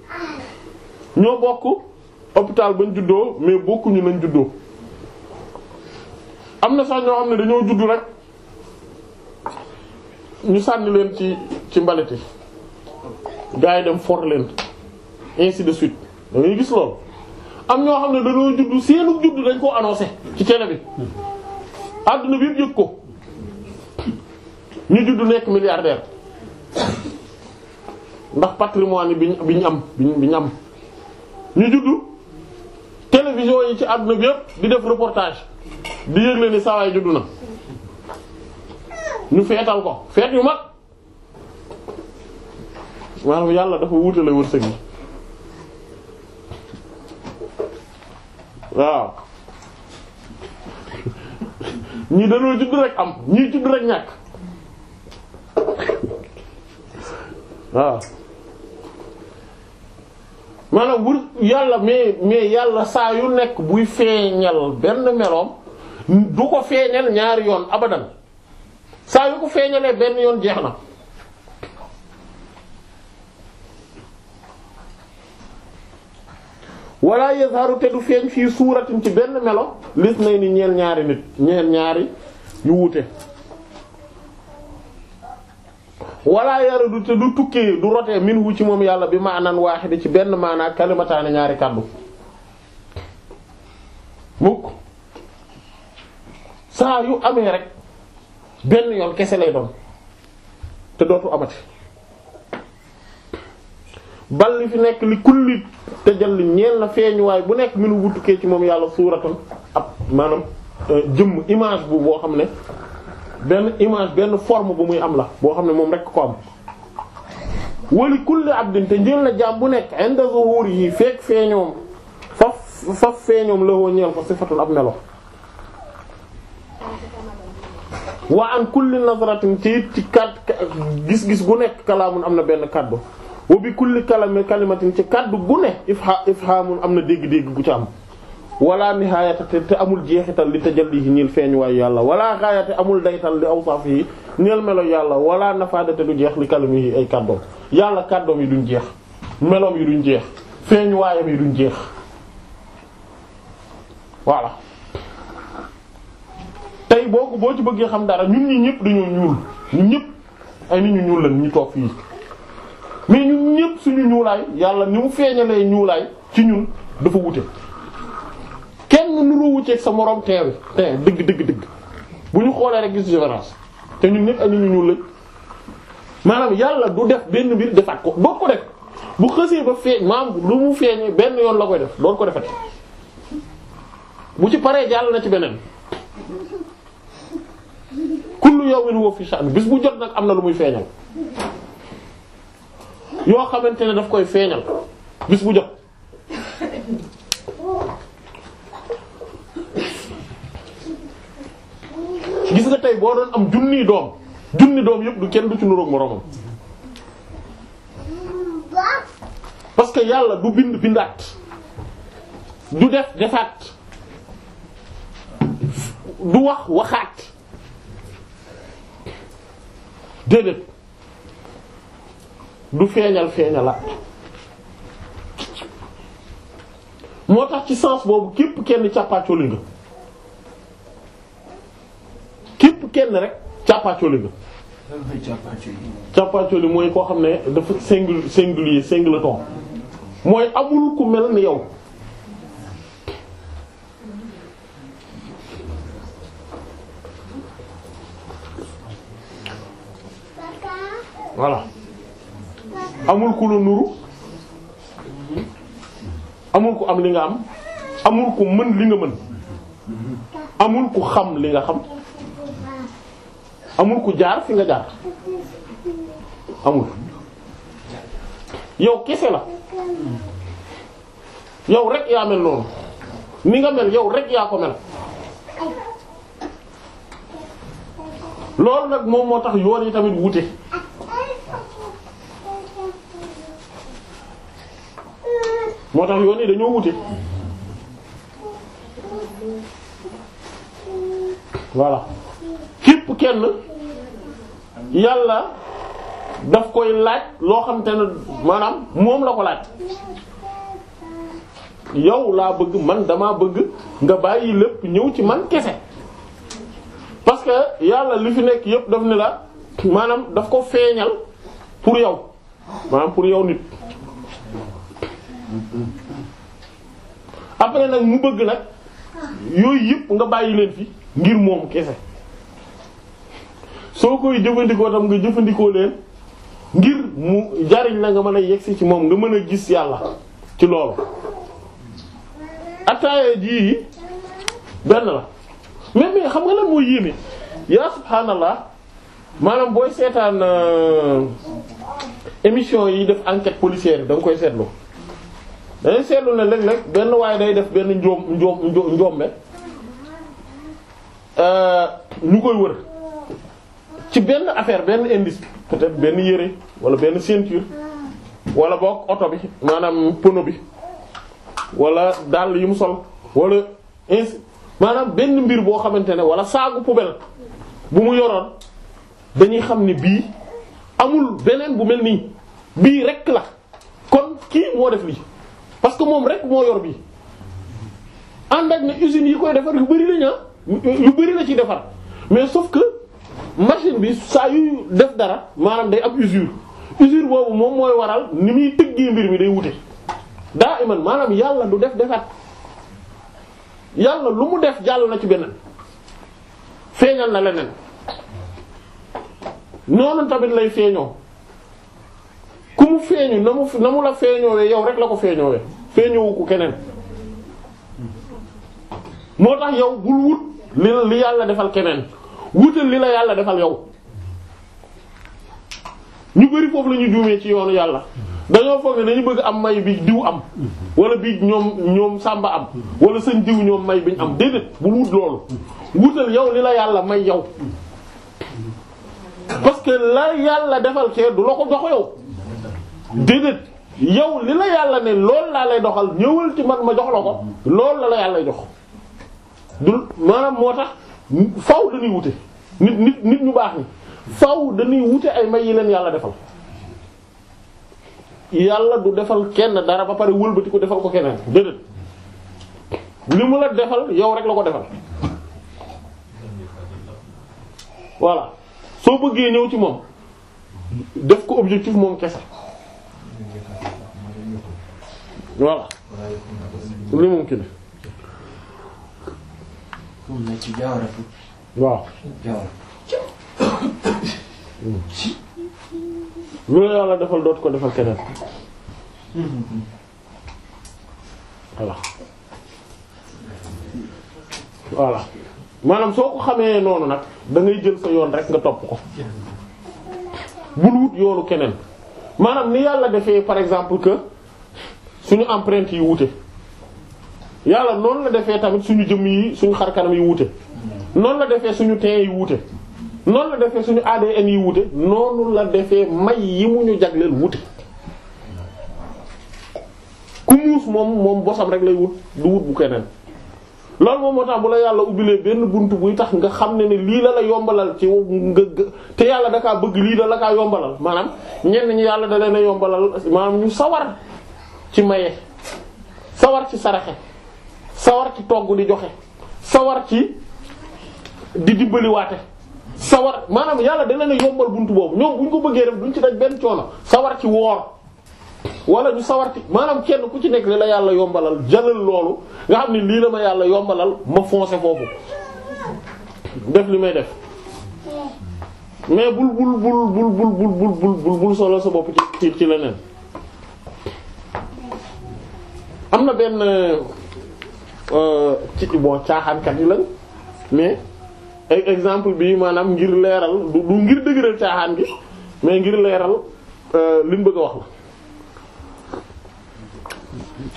ñoo bokk hôpital bañ juddoo mais bokkuñu nañ juddoo am na sax ñoo xam ne dañoo juddu rek ñu sànni leen ci ci mbaleti gaa yi dem for leen ainsi de suite da ngay gis loolu am ñoo xam ne dañoo juddu seenu juddu dañ koo annoncé ci télé bi. àdduna bi yëpp yëg ko ñu juddu nekk milliardaire ndax patrimoine bi ñu bi ñu am ñu am ñu juddu télévision yi ci àdduna bi yëpp di def reportage di yëgle ni saa juddu na ñu feetal ko feet yu mag maanaam yàlla dafa wutale wërsëg yi waaw. ñi dañoo judd rek am ñi judd rek ñàkk waaw maanaam wur yàlla mais mais yàlla saa yu nekk buy feeñal benn meloom du ko feeñal ñaari yoon abadan saa yu ko feeñalee benn yoon jeex na wala yazharu te du feeñ fii suuratin ci benn melo lis nay ni ñeel ñaari nit ñeel ñaari ñu wuute wala yaradu te du tukkee du rotee min wu ci moom yàlla bi maanan waaxida ci benn maanaa kalimataani ñaari kàddu mukk saa yu amee rek benn yoon kese lay doon te dootu amati bal li fi nekk li kulli te jël ñeel na feeñuwaay bu nekk minu wutukee ci moom yàlla suuratan ab maanaam euh, jëmm image bu boo xam ne benn image benn forme bu muy am la boo xam ne moom rekk ko am wali kulli abdin te njël na jaam bu nekk inda zuhur yi fekk feeñoom faf faf feeñoom la woo ñeel ko sifatun ab melo waa an kulli nazaratin ci ci kat gis-gis gu nekk kalaamun am na benn kàddu wa bi kulli kalami kalimatin ci kaddu gu ne ifha ifhamun am na dégg-dégg gu ci am wala nihaayata te amul jeexital li tajallihi ñil feeñ waay yàlla wala gaayate amul daytal li awsaf yi ñeel melo yàlla wala nafaadate du jeex li kalami yi ay kaddoom yàlla kaddoom yi duñ jeex meloom yi duñ jeex feeñ waayam yi duñ jeex voilà tey boo ko boo ci bëggee xam dara ñun ñi ñëpp dañoo ñuul ñun ñëpp ay nit ñuul lañ ñu toog fii mais ñun ñëpp suñu ñuulaay yàlla ni mu feeñalee ñuulaay ci ñun dafa wute kenn nu nuru wuteeg sa morom teewi te dëgg dëgg dëgg bu ñu xoolee rek gis différence te ñun ñëpp ñuul lañ yàlla du def benn mbir defaat ko doo ko def bu xësee ba feeñ maam lu mu feeñee benn yoon la koy def doon ko defati bu ci paree jàll na ci beneen kullu yawmin huwa fi sha'n bis bu jot nag am na lu muy feeñal yoo xamante ne daf koy feeñal bis bu jot gis nga tey boo doon am junni doom junni doom yëpp du kenn du ci nuroog moroomam parce que yàlla du bind bindaat du def defaat du wax waxaat déedéet du feeñal feeñalaat moo tax ci sens boobu képp kenn càppaacoli nga képp kenn rek càppaacoli nga càppaacoli mooy koo xam ne dafa singu singulier singleton mooy amul ku mel ni yow voilà amul ku la nuru amul ku am li nga am amul ku mën li nga mën amul ku xam li nga xam amul ku jaar fi nga jaar amul yow kese la yow rek yaa mel noonu ni nga mel yow rek yaa ko mel loolu nag moom moo tax yoon yi tamit wute moo tax yoon yi dañoo wuti voilà képp kenn yàlla daf koy laaj loo xam te ne maanaam moom la ko laaj yow laa bëgg man damaa bëgg nga bàyyi lépp ñëw ci man kese parce que yàlla li fi nekk yépp daf ne la maanaam daf ko feeñal pour yow maanaam pour yow nit après nag mu bëgg nag yooyu yëpp nga bàyyi leen fi ngir moom kese soo koy jëfandikoo tam nga jëfandikoo leen ngir mu jariñ la nga mën a yegsi ci moom nga mën a gis yàlla ci loolu ataaya ji benn la mais xam nga lan moo yéeme yaa subhaanallah maanaam booy seetaan euh, émission yi def enquête policière da nga koy seetlu dañuy seetlu ne léeg-léeg benn waaye day def benn njoom njoom njoombe ñu euh, koy wër ci benn affaire benn indice benn yére wala benn ceinture wala boog oto bi maanaam pono bi wala dàll yi mu sol wala insi maanaam benn mbir boo xamante ne wala saagu poubelle bu mu yoroon dañuy xam ni bii amul beneen bu mel nii bii rekk la kon kii moo def lii parce que moom rek moo yor bi ànd ak ne usines yi koy defar yu bari lañu ah, yu bari la ci defar mais sauf que machine bi saa yu def dara maanaam day am usure usure boobu moom mooy waral ni muy tëggee mbir mi day wute daa iman maanaam yàlla du def defat yàlla lu mu def jàll na ci beneen feeñal na leneen noonu tamit lay feeñoo ku mu feeñu na mu na mu la feeñoowee yow rek la ko feeñoowee feeñoowu ko keneen moo tax yow bul wut li li yàlla defal keneen wutal li la yàlla defal yow ñu bari foofu la ñuy juumee ci yoonu yàlla dañoo foog ne dañu bëgg am may bi diw am wala bi ñoom ñoom sàmba am wala seen diw ñoom may biñ am déedéet bul wut loolu wutal yow li la yàlla may yow parce que la yàlla defal kee du la ko jox yow déedéet yow li la yàlla ne lool laa lay doxal ñëwal ci man ma jox la ko loolu la la yàlla jox du maanaam moo tax faw dañuy wute nit nit nit ñu baax ni faw dañuy wute ay may yi leen yàlla defal yàlla du defal kenn dara ba pare wëlbati ko defal ko keneen déedéet li mu la defal yow rek la ko defal voilà soo bëggee ñëw ci moom def ko objectif moom kese voilà li mumkin waaw lu la yàlla defal dootu ko defal keneen voilà voilà maanaam soo ko xamee noonu nag dangay jël sa yoon rek nga topp ko bul wut yoonu keneen maanaam ni yàlla defee par exemple que suñu empreinte yi wuute yàlla noonu la defee tamit suñu jëmm yi suñu xar kanam yi wuute noonu la defee suñu tee yi wuute noonu defee suñu ADN yi wuute noonu la defee may yi mu ñu jagleel wuute ku muus moom moom bosam rek lay wut du bu keneen. loolu moom moo tax bu la yàlla ubbilee benn bunt buy tax nga xam ne ni lii la la yombalal ci nga te yàlla da bëgg lii la la kaa yombalal maanaam ñenn ñi yàlla da leen a yombalal maanaam ñu sawar ci maye sawar ci saraxe sawar ci togg di joxe sawar ci di dimbaliwaate sawar maanaam yàlla da leen a yombal buntu boobu ñoom bu ñu ko bëggee def duñ ci daj benn coono sawar ci woor. wala ñu sawarti maanaam kenn ku ci nekk la yàlla yombalal jëlal loolu nga xam ne lii la ma yàlla yombalal ma foncer foofu def li may def mais bul bul bul bul bul bul bul bul bul solo sa bopp ci ci leneen am na benn ci bon caaxaankat yi la mais exemple bii maanaam ngir leeral du ngir dëgëral caaxaan gi mais ngir leeral li mu bëgg a wax la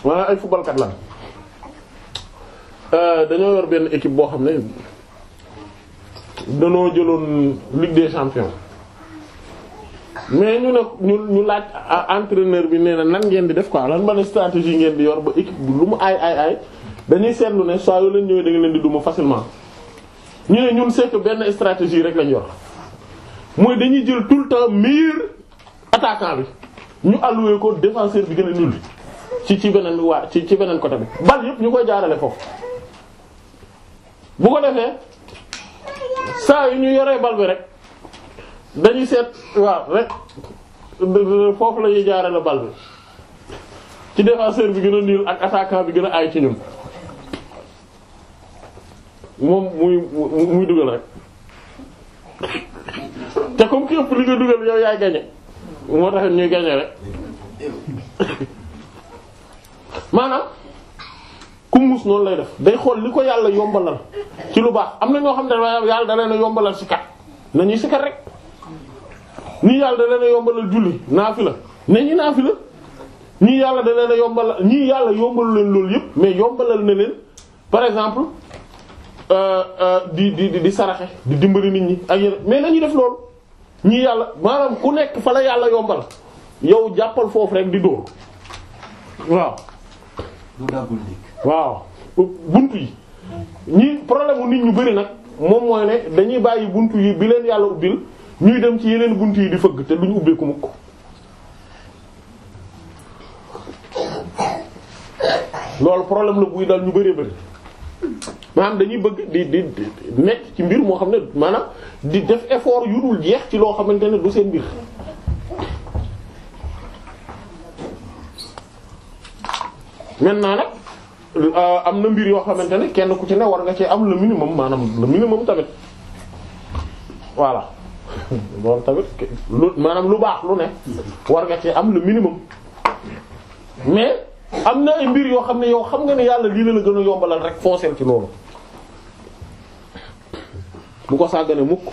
maanaam ay footballkat lan euh, dañoo yor benn équipe boo xam ne danoo jëloon Ligue des champions mais ñu ne ñu ñu laaj entraîneur bi nee na nan ngeen di def quoi lan ban stratégie ngeen di yor ba équipe bi lu mu aay aay aay dañuy seetlu ne saa yoo leen ñëwee da nga leen di duma facilement ñu ne ñun c'est benn stratégie rek lañ yor mooy dañuy jël tout le temps meilleur attaquant bi ñu alloué ko défenseur bi gën a nul. ci ci beneen waa ci ci beneen côté bi bal yëpp ñu koy jaarale foofu bu ko defee saa yu ñuy yoree bal bi rek dañuy seet waaw rek foofu lañuy ñuy jaarale bal bi ci défenseur bi gën a niil ak attaquant bi gën a aay ci ñun moom muy muy dugal rek te comme képp li nga dugal yow yaay gañe moo tax ñuy gañe rek maanaam ku muus noonu lay def day xool li ko yàlla yombalal ci lu baax am na ñoo xam ne yàlla da leen a si sikkat nañuy sikkat rek ñii yàlla da leen a yombalal julli naafila nañu la ñii yàlla da leen a ñii yàlla yombalal leen loolu yëpp mais yombalal na leen par exemple euh, euh, di di di saraxe di dimbali nit ñi ak yeneen mais nañu def loolu ñii yàlla maanaam ku nekk fa la yàlla yombal yow jàppal foofu rek di dóor waaw waaw bunt yi ñi problème nit ñu bëri nag moom mooy ne dañuy bàyyi bunt yi bi leen yàlla ubbil ñuy dem ci yeneen bunt yi di fëgg te ñu ubbeeku mukk loolu problème la buy dal ñu bëree bëri maanaam dañuy bëgg di di nekk ci mbir moo xam ne maanaam di def effort yu dul jeex ci loo xamante ne du seen mbir maintenant nag euh, am na mbir yoo xamante ne kenn ku ci ne war nga cee am le minimum maanaam le minimum tamit voilà loolu tamit maanaam lu baax lu ne war nga cee am la minimum mais am na ay mbir yoo xam ne yow xam nga ne yàlla lii la la gën a yombalal rek foncer ci loolu bu ko sàggane mukk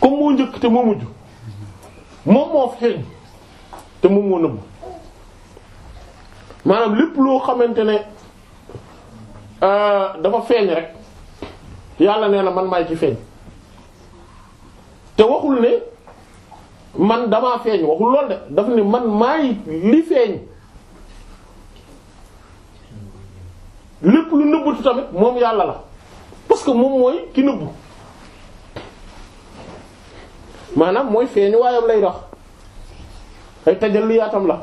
comme moo njëkk te moo mujj moom moo feeñ te moom moo nëbb maanaam lépp loo xamante ne euh, dafa feeñ rek yàlla nee na man maay ci feeñ te waxul ne man damaa feeñ waxul lool de daf ne man maay li feeñ lépp lu nëbbatu tamit moom yàlla la parce moom mooy ki nëbbu maanaam mooy feeñu waayam lay dox ay tajalliyaatam la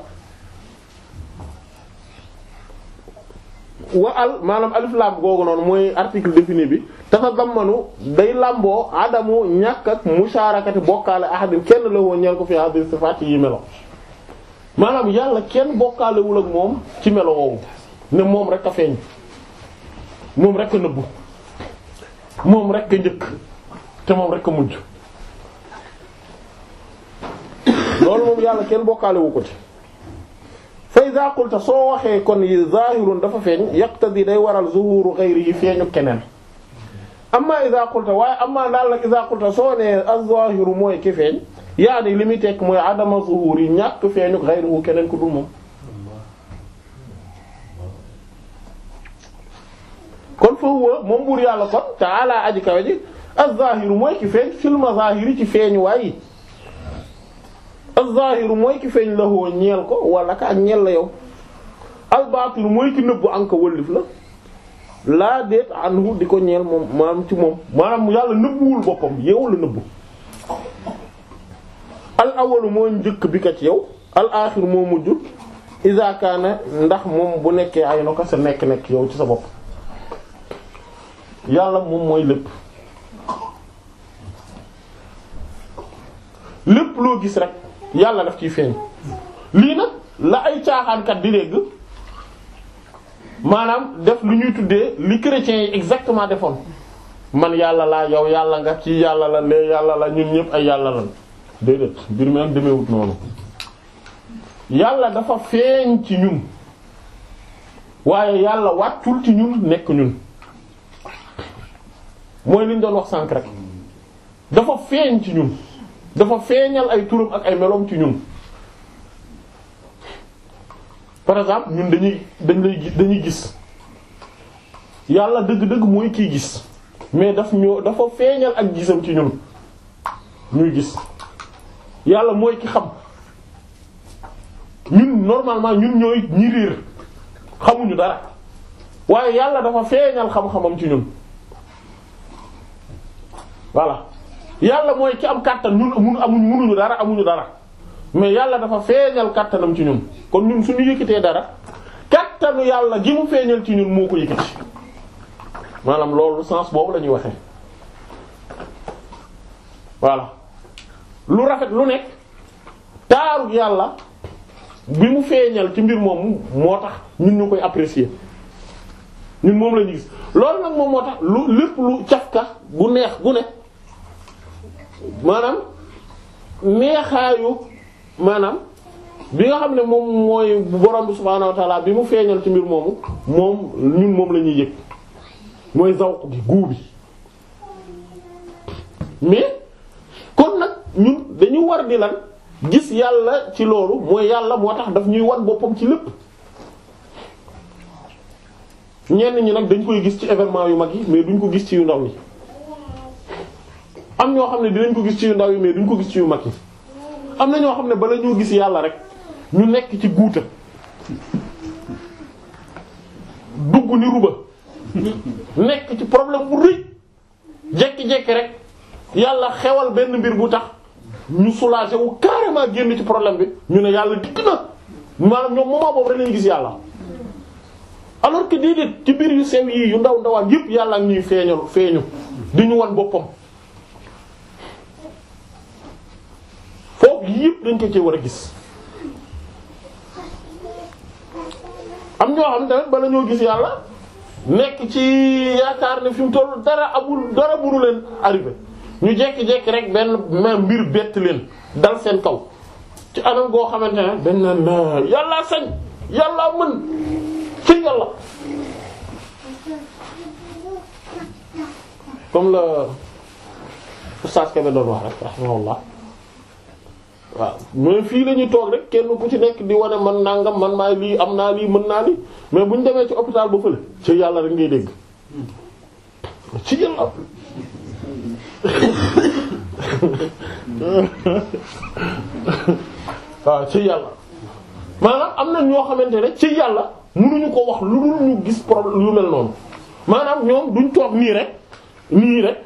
wa al maanaam alif laam googu noonu mooy article défini bi tatadammanu day làmboo adamu ñàkk ak musaarakati bokkaale ahadin kenn la woon ñeel ko fi hadhihi sifaat yi melo maanaam yàlla kenn bokkaalewul ak moom ci melo woowu ne moom rek a feeñ moom rek a nëbbu moom rek a njëkk te moom rek a mujj loolu moom yàlla kenn bokkaale wu ko ci fa iza qulta soo waxee kon yi zahirun dafa feeñ yaqtadi day waral zuhuru ghayri yi feeñu keneen amma iza qulta waaye amma daal nag iza qulta soo nee az-zahiru mooy ki feeñ yaani li mooy adama zuhur yi ñàkk feeñu ghayruhu keneen ku dul moom kon fa huwa moom buur yàlla kon ta'ala aji kawe ji az mooy ki feeñ fil mazahiri ci feeñu waaye az-zaahiru mooy ki feeñ la woo ñeel ko wala ka ak ñeel la yow al-baatinu mooy ki nëbbu anka wëllif la laa déet anhu di ko ñeel moom maanaam ci moom maanaam yàlla nëbbuwul boppam yow la nëbbu al awalu moo ci yow al aaxir moo mujj iza ndax moom bu nekkee ay noka sa nekk nekk yow ci sa bopp yàlla moom mooy lépp lépp loo gis rek yàlla daf ci feeñ lii na la ay caaxaankat di dégg maanaam def lu ñuy tuddee li chrétiens yi exactement defoon man yàlla laa yow yàlla nga ci yàlla la lee yàlla la ñun ñëpp ay yàlla la déedéet mbir mi nag demeewut noonu yàlla dafa feeñ ci ñun waaye yàlla wàccul ci ñun nekk ñun mooy liñ doon wax sànq rek dafa feeñ ci ñun dafa feeñal ay turam ak ay meloom ci ñun par exemple ñun dañuy dañ lay dañuy gis yàlla dëgg-dëgg mooy kiy gis mais daf ñoo dafa feeñal ak gisam ci ñun ñuy gis yàlla mooy ki xam ñun normalement ñun ñooy ñi réer xamuñu dara waaye yàlla dafa feeñal xam-xamam ci ñun voilà yàlla mooy ci am kàttan ñun mun amuñ munuñu dara amuñu dara mais yàlla dafa feeñal kàttanam ci ñun kon ñun suñu yëkkatee dara kàttanu yàlla gi mu feeñal ci ñun moo ko loolu sens boobu la ñuy waxee lu rafet lu nekk taaru yàlla mu feeñal ci mbir moomu moo tax ñun ñu koy apprécier ñun moom la gis loolu nag moom moo tax lu lépp lu cafka gu neex gu ne maanaam neexaayu maanaam bi nga xam ne moom mooy borom bi subhaanahu wa bi mu feeñal ci mbir moomu moom ñun moom la ñuy yëg mooy zawq gi guu bi mais kon nag ñun dañu war di lan gis yàlla ci loolu mooy yàlla moo tax daf ñuy wan boppam ci lépp ñenn ñi nag dañ koy gis ci événement yu mag yi mais duñ ko gis ci yu ndaw yi am ñoo xam ne dinañ ko gis ci yu ndaw yi mais duñ ko gis ci yu mag yi am na ñoo xam ne bala ñoo gis yàlla rek ñu nekk ci guuta dugg ni ruba nekk ci problème bu rëy jekki-jekki rek yàlla xewal benn mbir bu tax ñu soulagé wu carrément génn ci problème bi ñu ne yàlla dikk na maanaam ñoom moment boobu rek lañu gis yàlla alors que déedéet ci biir yu sew yii yu ndaw ndawaan yëpp yàlla ñuy feeñal feeñu di ñu wan boppam yépp lañ ko ci war a gis am ñoo xam tamit bala ñoo gis yàlla nekk ci yaakaar ne fi mu toll dara amul dara mënu leen arrivé ñu jékki-jékki rek benn mbir bett leen dal seen kaw ci anam goo xamante ne benn na yàllaa sañ yàllaa mën ci yàlla comme la oustaz Kébé doon wax rek rahimahullah waaw mais fii la ñuy toog rek kenn ku ci nekk di wane man nangam man maay lii am naa lii mën naa lii mais bu ñu demee ci hôpital ba fële ci yàlla rek ngay dégg ci yàlla maanaam am na ñoo xamante ne ci yàlla mënuñu ko wax lu dul ñu gis problème lu mel noonu maanaam ñoom duñ toog nii rek nii rek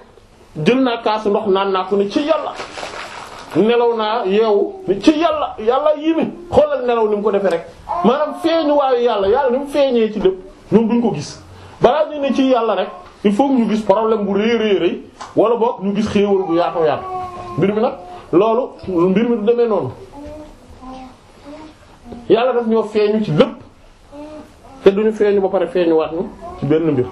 jël naa kaasu ndox naan naa ko ne ci yàlla nelaw naa yeewu ci yàlla yàlla yii mi xoolal nelaw ni mu ko defee rek maanaam feeñu waayu yàlla yàlla ni mu feeñee ci lépp ñoom duñ ko gis balaa ñu ne ci yàlla rek il faut ñu gis problème bu rëy rëy rëy wala boog ñu gis xéewal bu yaatoo yaatu mbir mi nag loolu mbir mi du demee noonu yàlla daf ñoo feeñu ci lépp te duñu feeñu ba pare feeñuwaat ñu ci benn mbir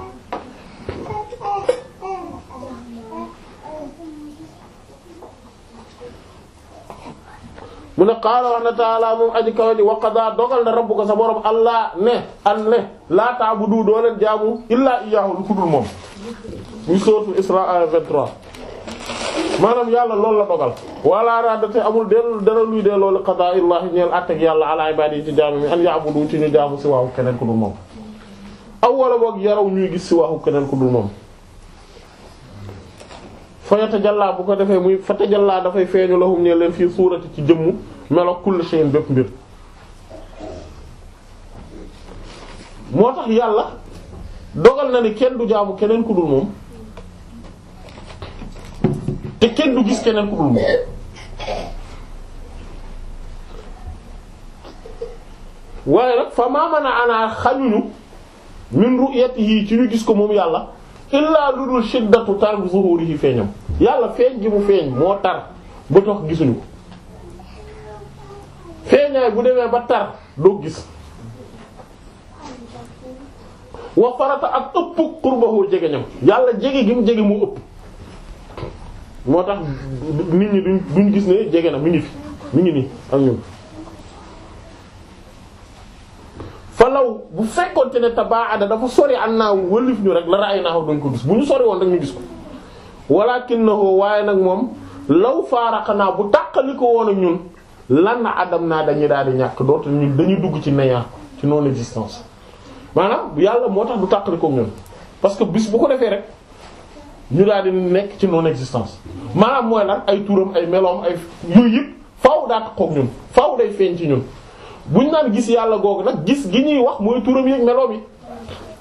mu ne qaala wax na taala moom aji kaw ji wa qadaa dogal na rabbuka sa borom allah ne an laa ta'budu doo leen jaamu illaa iyyaahu lu kudul moom muy sootu Isra aya 23 maanaam yàlla loolu la dogal wala radate amul del dara luy dee loolu qadaa illaahi ñeel attak yàlla ala ibaadi yi ci jaamu mi an ya'budu ci ñu si waaxu keneen ku dul moom aw wala boog yaraw ñuy gis si waaxu keneen ku moom fa yatajalla bu ko defee muy fa tajalla dafay feeñu lahum ñe leen fii suurati ci jëmmu melo kulli shay'in bépp mbir moo tax yàlla dogal na ni kenn du jaamu keneen ku dul moom te kenn du gis keneen ku dul moom waaye nag fa maamana ana xañuñu min ru'yatihi ci ñu gis ko moom yàlla illaa lu dul shiddatu tar zuhurihi feeñam yàlla feeñ gi mu feeñ moo tar ba tax gisuñu ko feeñaay bu demee ba tar doo gis wa farata ak ëpp qurbahu jegeñam yàlla jege gi mu jege moo ëpp moo tax nit ñi duñ duñ gis ne jege na mi ngi fi mi ngi nii ak ñun walaw bu fekkoon te ne tabaada dafa sori an naa wëlif ñu rek la raay naaw dañ ko gis bu ñu sori woon rek ñu gis ko walakinahu waaye nag moom law faaraqnaa bu tàqali ko woon ak ñun lan na adam naa dañuy daal di ñàkk dootu ñun dañuy dugg ci nayaa ci non existence maanaam yàlla moo tax du tàqali ko ñun parce que bis bu ko defee rek ñu daal di nekk ci non existence maanaam mooy lan ay turam ay meloom ay yooyu yëpp faaw daa taqoog ñun faaw day feeñ ci ñun buñ naan gis yàlla googu nag gis gi ñuy wax mooy turam yéeg meloom yi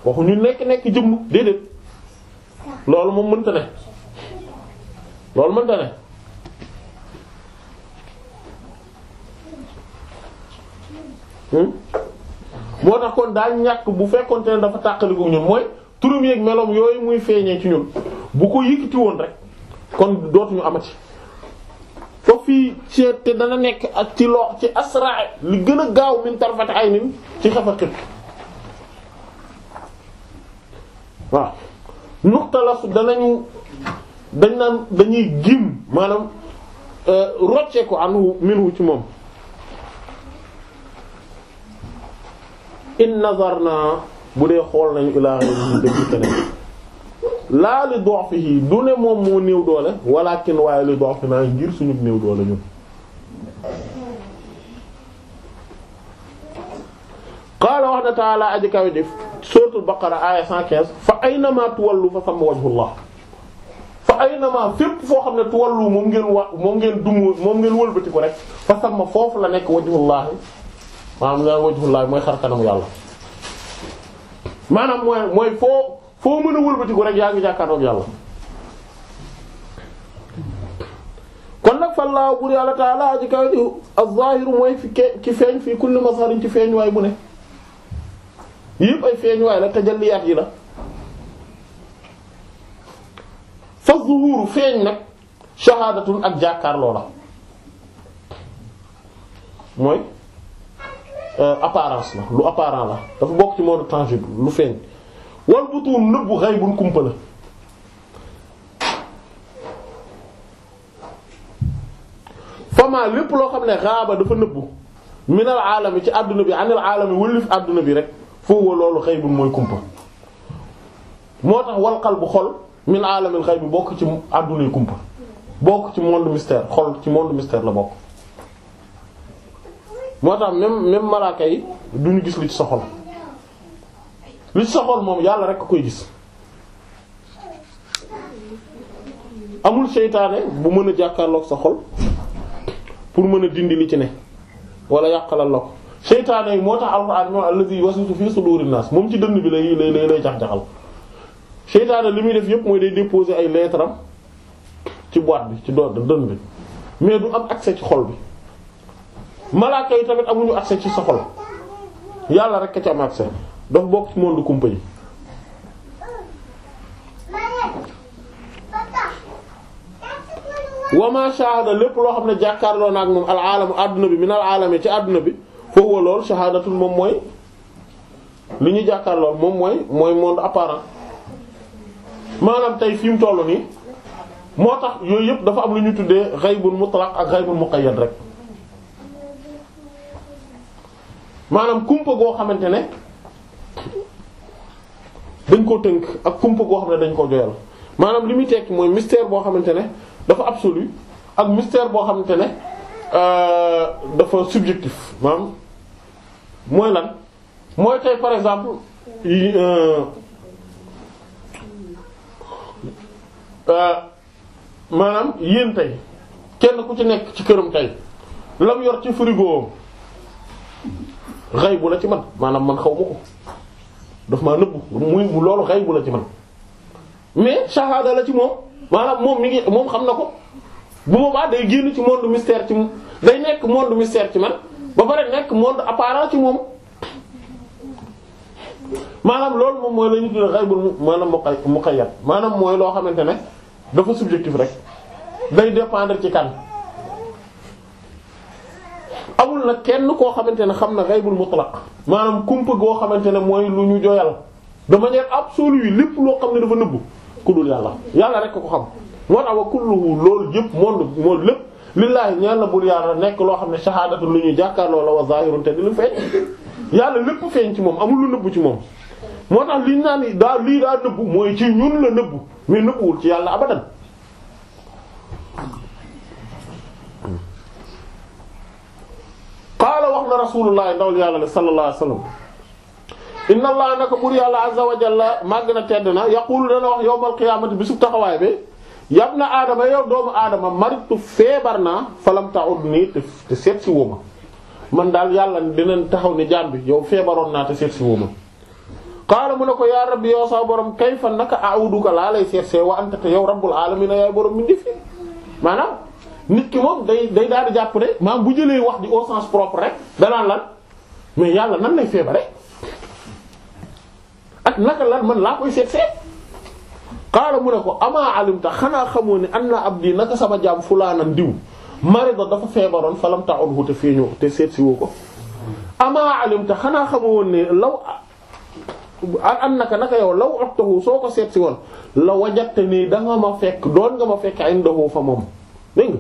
waxu ñu nekk nekk jëmm déedéet loolu moom mënta ne loolu mënta ne hmm? moo tax kon daal ñàkk bu fekkonte ne dafa tàqaliku ñun mooy turam yéeg meloom yooyu muy feeñee ci ñun bu ko yëkkati woon rek kon dootuñu amati foofu fii ci te dana nekk ak ci loo ci asraa li gën a gaaw min tarfati aynin ci xef a xib waaw nuxta la su dañ naan dañuy gim maanaam euh, rocce ko anhu minhu ci moom in nazar naa bu dee xool nañu ilaa xayri dëgg keneen laa li du'fihi du ne moom moo néew doole walakin waaye li du'fina ngir suñu néew doole ñun qaala wax da ta'ala aji kawe baqara aya 115 fa aynama tuwallu fa fam wajhullah fa aynama fépp foo xam ne tuwallu moom ngeen dumu moom ngeen wëlbati ko rek fa sama foofu la nekk wajhullahi maanaam la wajhullahi mooy xar yàlla maanaam mooy foo foo mën a wëlbatiku rek yaa ngi jàkkaarloog yàlla kon nag fallaahu bur yàlla taala aji kaw ji az-zahiru mooy fi ci feeñ fii kulli mazharin ci feeñuwaay bu ne yëpp ay feeñuwaay la tajalliyaat yi la fa zuhuru feeñ nag shahaadatun ak jàkkaarloo la mooy euh, apparence la lu apparent la dafa bokk ci monde tangible lu feeñ wal butuun nëbbu xaybun kumpa la fama lépp loo xam ne xaaba dafa nëbbu minal aalami ci àdduna bi anil aalami wëlif àdduna bi rek foofu loolu xaybun mooy kumpa moo tax wal bu xol min aalamil xayb bokk ci àddunay kumpa bokk ci monde mystère xol ci monde mystère la bokk moo tax même même malaaka yi duñu gis lu ci sa xol li ci sa xol moom yàlla rek a koy gis amul seytaane bu mën a jàkkaarloog sa xol pour mën a dindi li ci ne wala yàqalal la ko seytaane yi moo tax alxuraan moom allazi wasitu fi suduri nas moom ci dënd bi lay lay lay jax-jaxal seytaane li muy def yëpp mooy day déposer ay lettre ci boîte bi ci dood dënd bi mais du am accès ci xol bi malaaka yi tamit amuñu accès ci sa xol yàlla rek a ci am accès dafa bokk ci monde kumpa yi wa ma lépp loo xam ne jàkkaarloo na ak moom al alamu adduna bi min al alami ci adduna bi foofu wa lool shahadatul moom mooy li ñu jàkkaarloo moom mooy mooy monde apparent maanaam tey fi mu toll nii moo tax yooyu yëpp dafa am lu ñu tuddee ghaybun mutlaq ak ghaybun muqayyad rek maanaam kumpa goo xamante ne dañ koo tënk ak kumpa boo xam ne dañ koo joyal maanaam li muy tekki mooy mystère boo xamante ne dafa absolu ak mystère boo xamante ne euh, dafa subjectif maanaam mooy tey par exemple yi euh, euh, maanaam yéen kenn ku ci nekk ci këram tey lam yor ci frigo am xëy bu la ci man maanaam man xaw ma ko daf maa nëbbu muy loolu xëy bu la ci man mais shahada la ci moom maanaam moom mi ngi moom xam na ko bu boobaa day génn ci monde mystère ci moom day nekk monde mystère ci man ba pare nekk monde apparent ci moom. maanaam loolu moom mooy la ñu tuddee xaybul maanaam muqayyad maanaam mooy loo xamante ne dafa subjectif rek day dépendre ci kan. amul nag kenn koo xamante ne xam na xaybul la maanaam kumpa goo xamante ne mooy lu ñu joyal de manière absolue lépp loo xam ne dafa nëbbu ku dul yàlla yàlla rek ko xam moo tax wa kulluhu loolu yëpp monde lépp lillaahi ñaan la bul yàlla nekk loo xam ne shahaadatu lu ñuy jàkkaarloo la wa zaahirun te di feeñ yàlla lépp feeñ ci moom amul lu nëbbu ci moom moo tax liñ naan daa lii daa nëbbu mooy ci ñun la nëbbu mais nëbbuwul ci yàlla abadan qaala wax na rasulullah ndaw yàlla sallallahu alayhi wasallam inna allah naka bur yàlla azza wa jalla màgg na tedd na yaqulu dana wax yawmal qiyaamati bisub taxawaay bi yab na aadama yow doomu aadama maritu feebar naa falam ta'ud nii te te seet si woma man daal yàlla dinañ taxaw ne jaam bi yow feebaroon naa te seet si woma qaala mu ne ko yaa rabbi yow sa borom kayfa naka a'uduka laa lay seet see wa anta te yow rabbul alamin yaay borom mi ndi nit ki moom day day daal di jàpp ne maam bu jëlee wax di au sens propre rek danaan lan mais yàlla nan lay feebare ak naka lan man laa koy seet seet xaala mu ne ko ama alimta xanaa xamoo ne anna abdi naka sama jaam fulaanan diw marida dafa feebaroon falam ta'udhu te te seet si woo ko ama xanaa xamoo woon ne law annaka naka yow law uttahu soo ko seet si woon la wajatte nii danga ma fekk doon nga ma fekk indahu fa moom dégg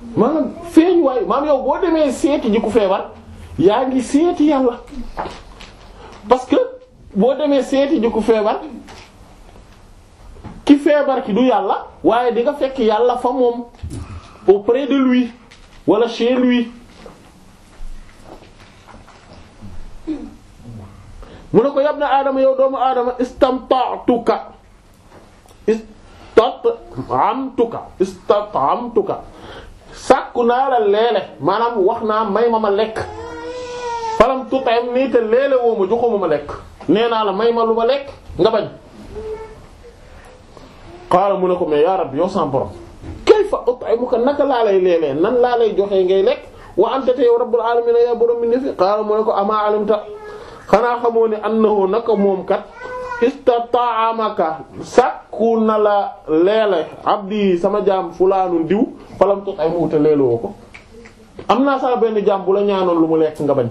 maanaam feeñ waay maanaam yow boo demee seeti ji ku feebar yaa ngi seeti yàlla parce que boo demee seeti ji ku feebar ki feebar ki du yàlla waaye di nga fekk yàlla fa moom auprès de lui wala chez lui mu ne ko yab na aadama yow doomu aadama istamta'tuka istatamtuka istatamtuka sàkku naa la leele maanaam wax naa may ma ma lekk falam tutem nii te leele woo ma joxuma ma lekk nee naa la may ma lu ma lekk nga bañ xaaral mu ne ko mais yaa Rabbi yow sama borom kayfa ut'imuka naka laa lay leele nan laa lay joxee ngay lekk wa anta te yow rabbul alamin yaa borom mi ne fi xaaral mu ne ko ama alimta xanaa xamoo ne annahu naka moom kat istataamaka sàkku na la leele abdi sama jaam fulaanu diw falam ko ay wuute leelu ko am naa saa benn jaam bu la ñaanoon lu mu lekk nga bañ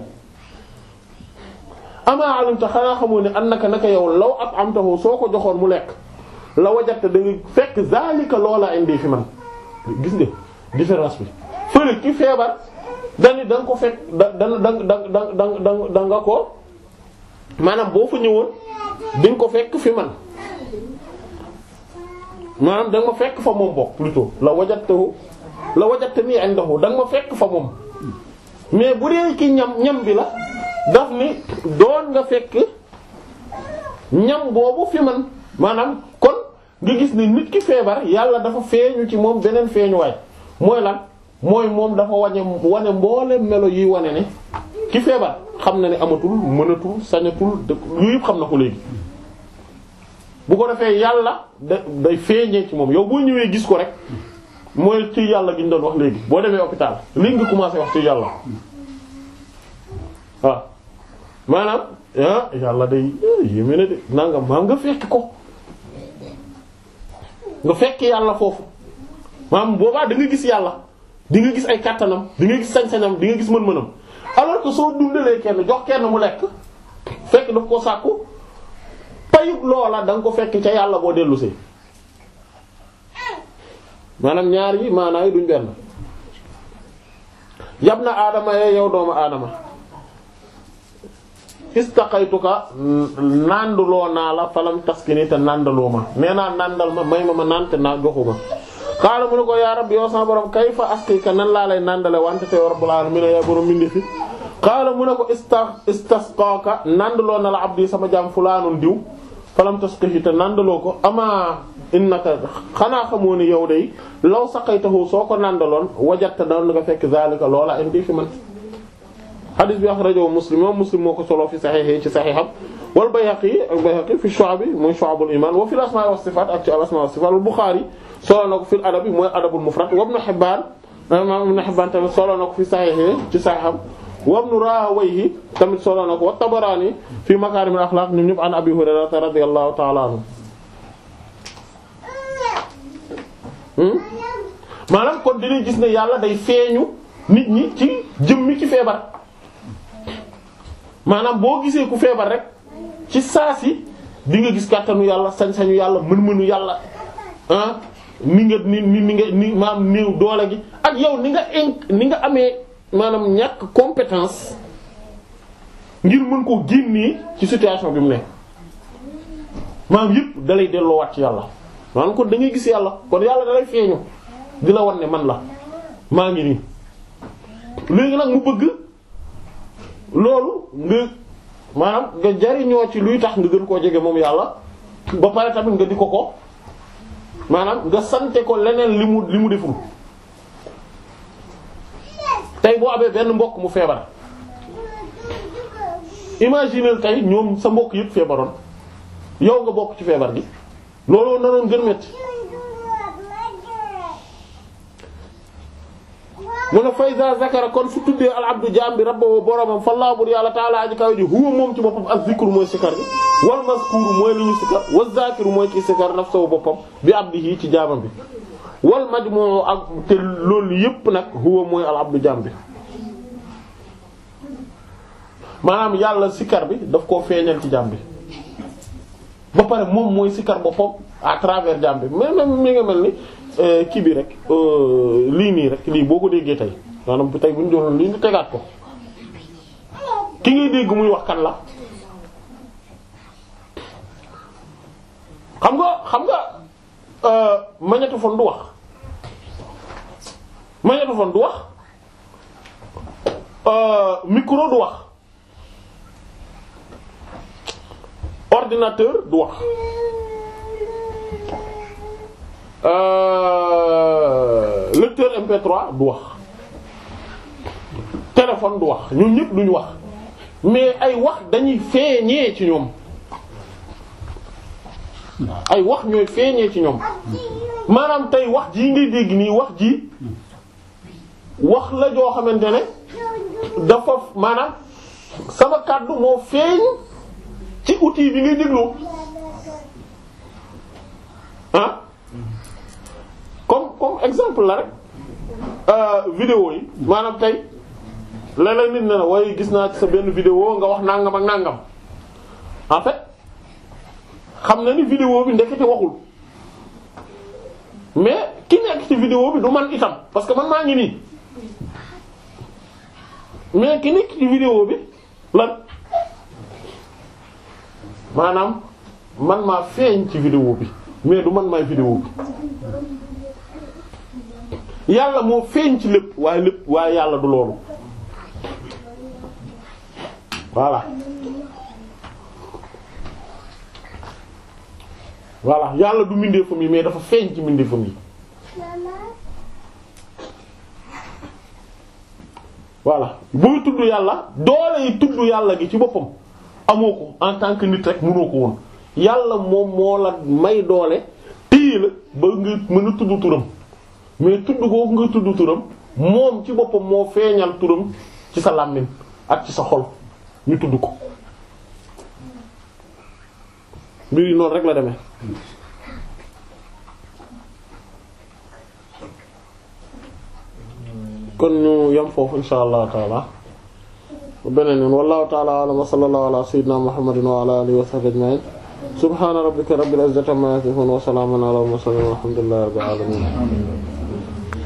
amaa alimta xanaa xamoo ne annaka naka yow law ab am taxu soo ko joxoon mu lekk la wajatta da nga fekk zalika loola indi fi man gis nga différence bi fële ki feebar dani da ko fekk da da da da ko maanaam boo fa ñëwoon di ko fekk fi man maanaam da nga ma fekk fa moom bokk plutôt la wajatahu la wajata nii ak da nga ma fekk fa moom mais bu dee ki ñam ñam bi la daf ni doon nga fekk ñam boobu fi man maanaam kon nga gis ni nit ki feebar yàlla dafa feeñu ci moom beneen feeñuwaay mooy lan mooy moom dafa wañe wane mboole melo yi wane ne ki feebar xam na ne amatul mënatul sañatul yu yëpp xam na ko léegi bu ko defee yàlla da day feeñee ci moom yow boo ñëwee gis ko rek mooy ci yàlla gi ñu doon wax léegi boo demee hôpital li nga commencé wax ci yàlla waaw ah, maanaam ah yàlla day eh, yéeme na de nanga maam nga fekk ko nga fekk yàlla foofu maam boobaa da nga gis yàlla di gis ay kàttanam di nga gis sañ-sañam di nga gis mën-mënam alors que soo dundalee kenn jox kenn mu lekk fekk daf ko sàkku payub loola danga ko fekk ca yàlla boo dellu maanaam ñaar yi duñ benn yab na aadama yee eh, yow doomu aadama istaqaytuka nanduloo naa la falam taskini te nandaloo ma nee naa nandal ma may ma ma naan te naa joxu xaala mu ne ko yaa rabbi yow sama borom kayfa asqika nan laa lay nandale wante te yow rabbul alamin yaa borom mindi fi xaala mu ne ko ista istasqaka nandaloo na la abdi sama jaam fulaanun diw falam tasqihi te nandaloo ko ama innaka xanaa xamoo ni yow day law saqaytahu soo ko nandaloon wajata doon nga fekk zalika loola indi fi man xadis bi axrajahu muslim moom muslim moo ko solo fi saxiix ci saxiixam wal bayhaqi al bayhaqi fi shu'ab mooy shu'abul iman wa fil asmaa wa sifaat ak ci al asmaa wa sifaat al buxaari solo na ko fil adab mooy adabul mufrad wa ibn hibbaan imaam ibn hibbaan tamit solo na ko fi saxiix ci saxiixam wa ibn raawayhi tamit solo na ko wa tabaraani fi makaarimil axlaaq ñoom ñëpp an abi hurayrata radiyallahu ta'ala anhu hmm? maanaam kon dinañ gis ne yàlla day feeñu nit ñi ci jëmmi ci feebar. maanaam boo gisee ku feebar rek ci saasi di nga gis kàttanu yàlla sañ-sañu yàlla mën-mënu yàlla ah ni nga ni ni ni nga ni maanaam néew doole gi ak yow ni nga inc ni nga amee maanaam ñàkk compétence ngir mën ko génnee ci situation bi mu ne maanaam yëpp dalay delloowaat ci yàlla maanaam kon da ngay gis yàlla kon yàlla dalay feeñu di la wan ne man la maa ngi nii léegi nag mu bëgg. loolu nga maanaam nga jariñoo ci luy tax nga gën koo jege moom yàlla ba pare tamit nga di ko ko maanaam nga sante ko leneen li mu li mu deful tey boo amee benn mbokk mu feebar imaginer tey ñoom sa mbokk yëpp feebaroon yow nga bokk ci feebar gi looloo naroon gën metti mu ne faysa zakara kon su tuddee al abdu jaam bi rabbahu boromam fallaahu bur yàlla taala aji kaw ji huwa moom ci boppam ak zikru mooy sikar bi wal mazkuru mooy lu ñu sikar wa zakiru mooy ki sikar nafsahu boppam bi abdihi ci jaamam bi wal majmuu ak te loolu yépp nag huwa mooy al abdu jaam yàlla sikar bi daf koo feeñal ci jaam bi ba pare moom mooy sikar boppam à travers jaam bi mais même mel ni Euh, kii bi rek euh, lii nii rek lii boo ko déggee tey maanaam bu tey bu ñu doon lii ñu tegaat ko ki ngay dégg muy wax kan la xam nga xam nga euh, magnétophone du wax magnétophone du wax micro du wax ordinateur du wax Euh, lecteur MP3 du wax téléphone du wax ñun ñëpp duñu wax mais ay wax dañuy feeñee ci ñoom ay wax ñooy feeñee ci ñoom maanaam tey wax ji ngay dégg nii wax ji wax la joo xamante ne dafa maanaam sama kàddu moo feeñ ci outil bi ngay déglu ah comme comme exemple la rek euh, vidéo yi maanaam tey la léeg nit na la waaye gis naa sa benn video nga wax nangam ak nangam en xam na ni vidéo bi ndekete waxul mais ki nekk ci vidéo bi du man itam parce que man maa ngi nii mais ki nekk ci vidéo bi lan maanaam man maa feeñ ci video bi mais du man maay vidéo bi yàlla moo feeñ ci lépp waaye lépp waaye yàlla du loolu voilà voilà yàlla du mbindeefam yi mais dafa feeñ ci mbindeefam yi voilà buy tudd yàlla doole yi tudd yàlla gi ci boppam amoo ko en tant que nit rek mënoo ko woon yàlla moom moo la may doole téye la ba nga mën a tudd turam mais tudd googu nga tudd turam moom ci boppam moo feeñal turam ci sa làmmiñ ak ci sa xol ñu tudd ko mbir noonu rek la deme kon ñu yam foofu insha allahu taala beneen yoon wallahu taala alam wa sallallahu ala sayyidina wa ala alihi wa sahbihi ajma'in subhana rabbika rabbil izzati amma yasifun wa salamun ala al mursalin walhamdulillahi rabbil alamin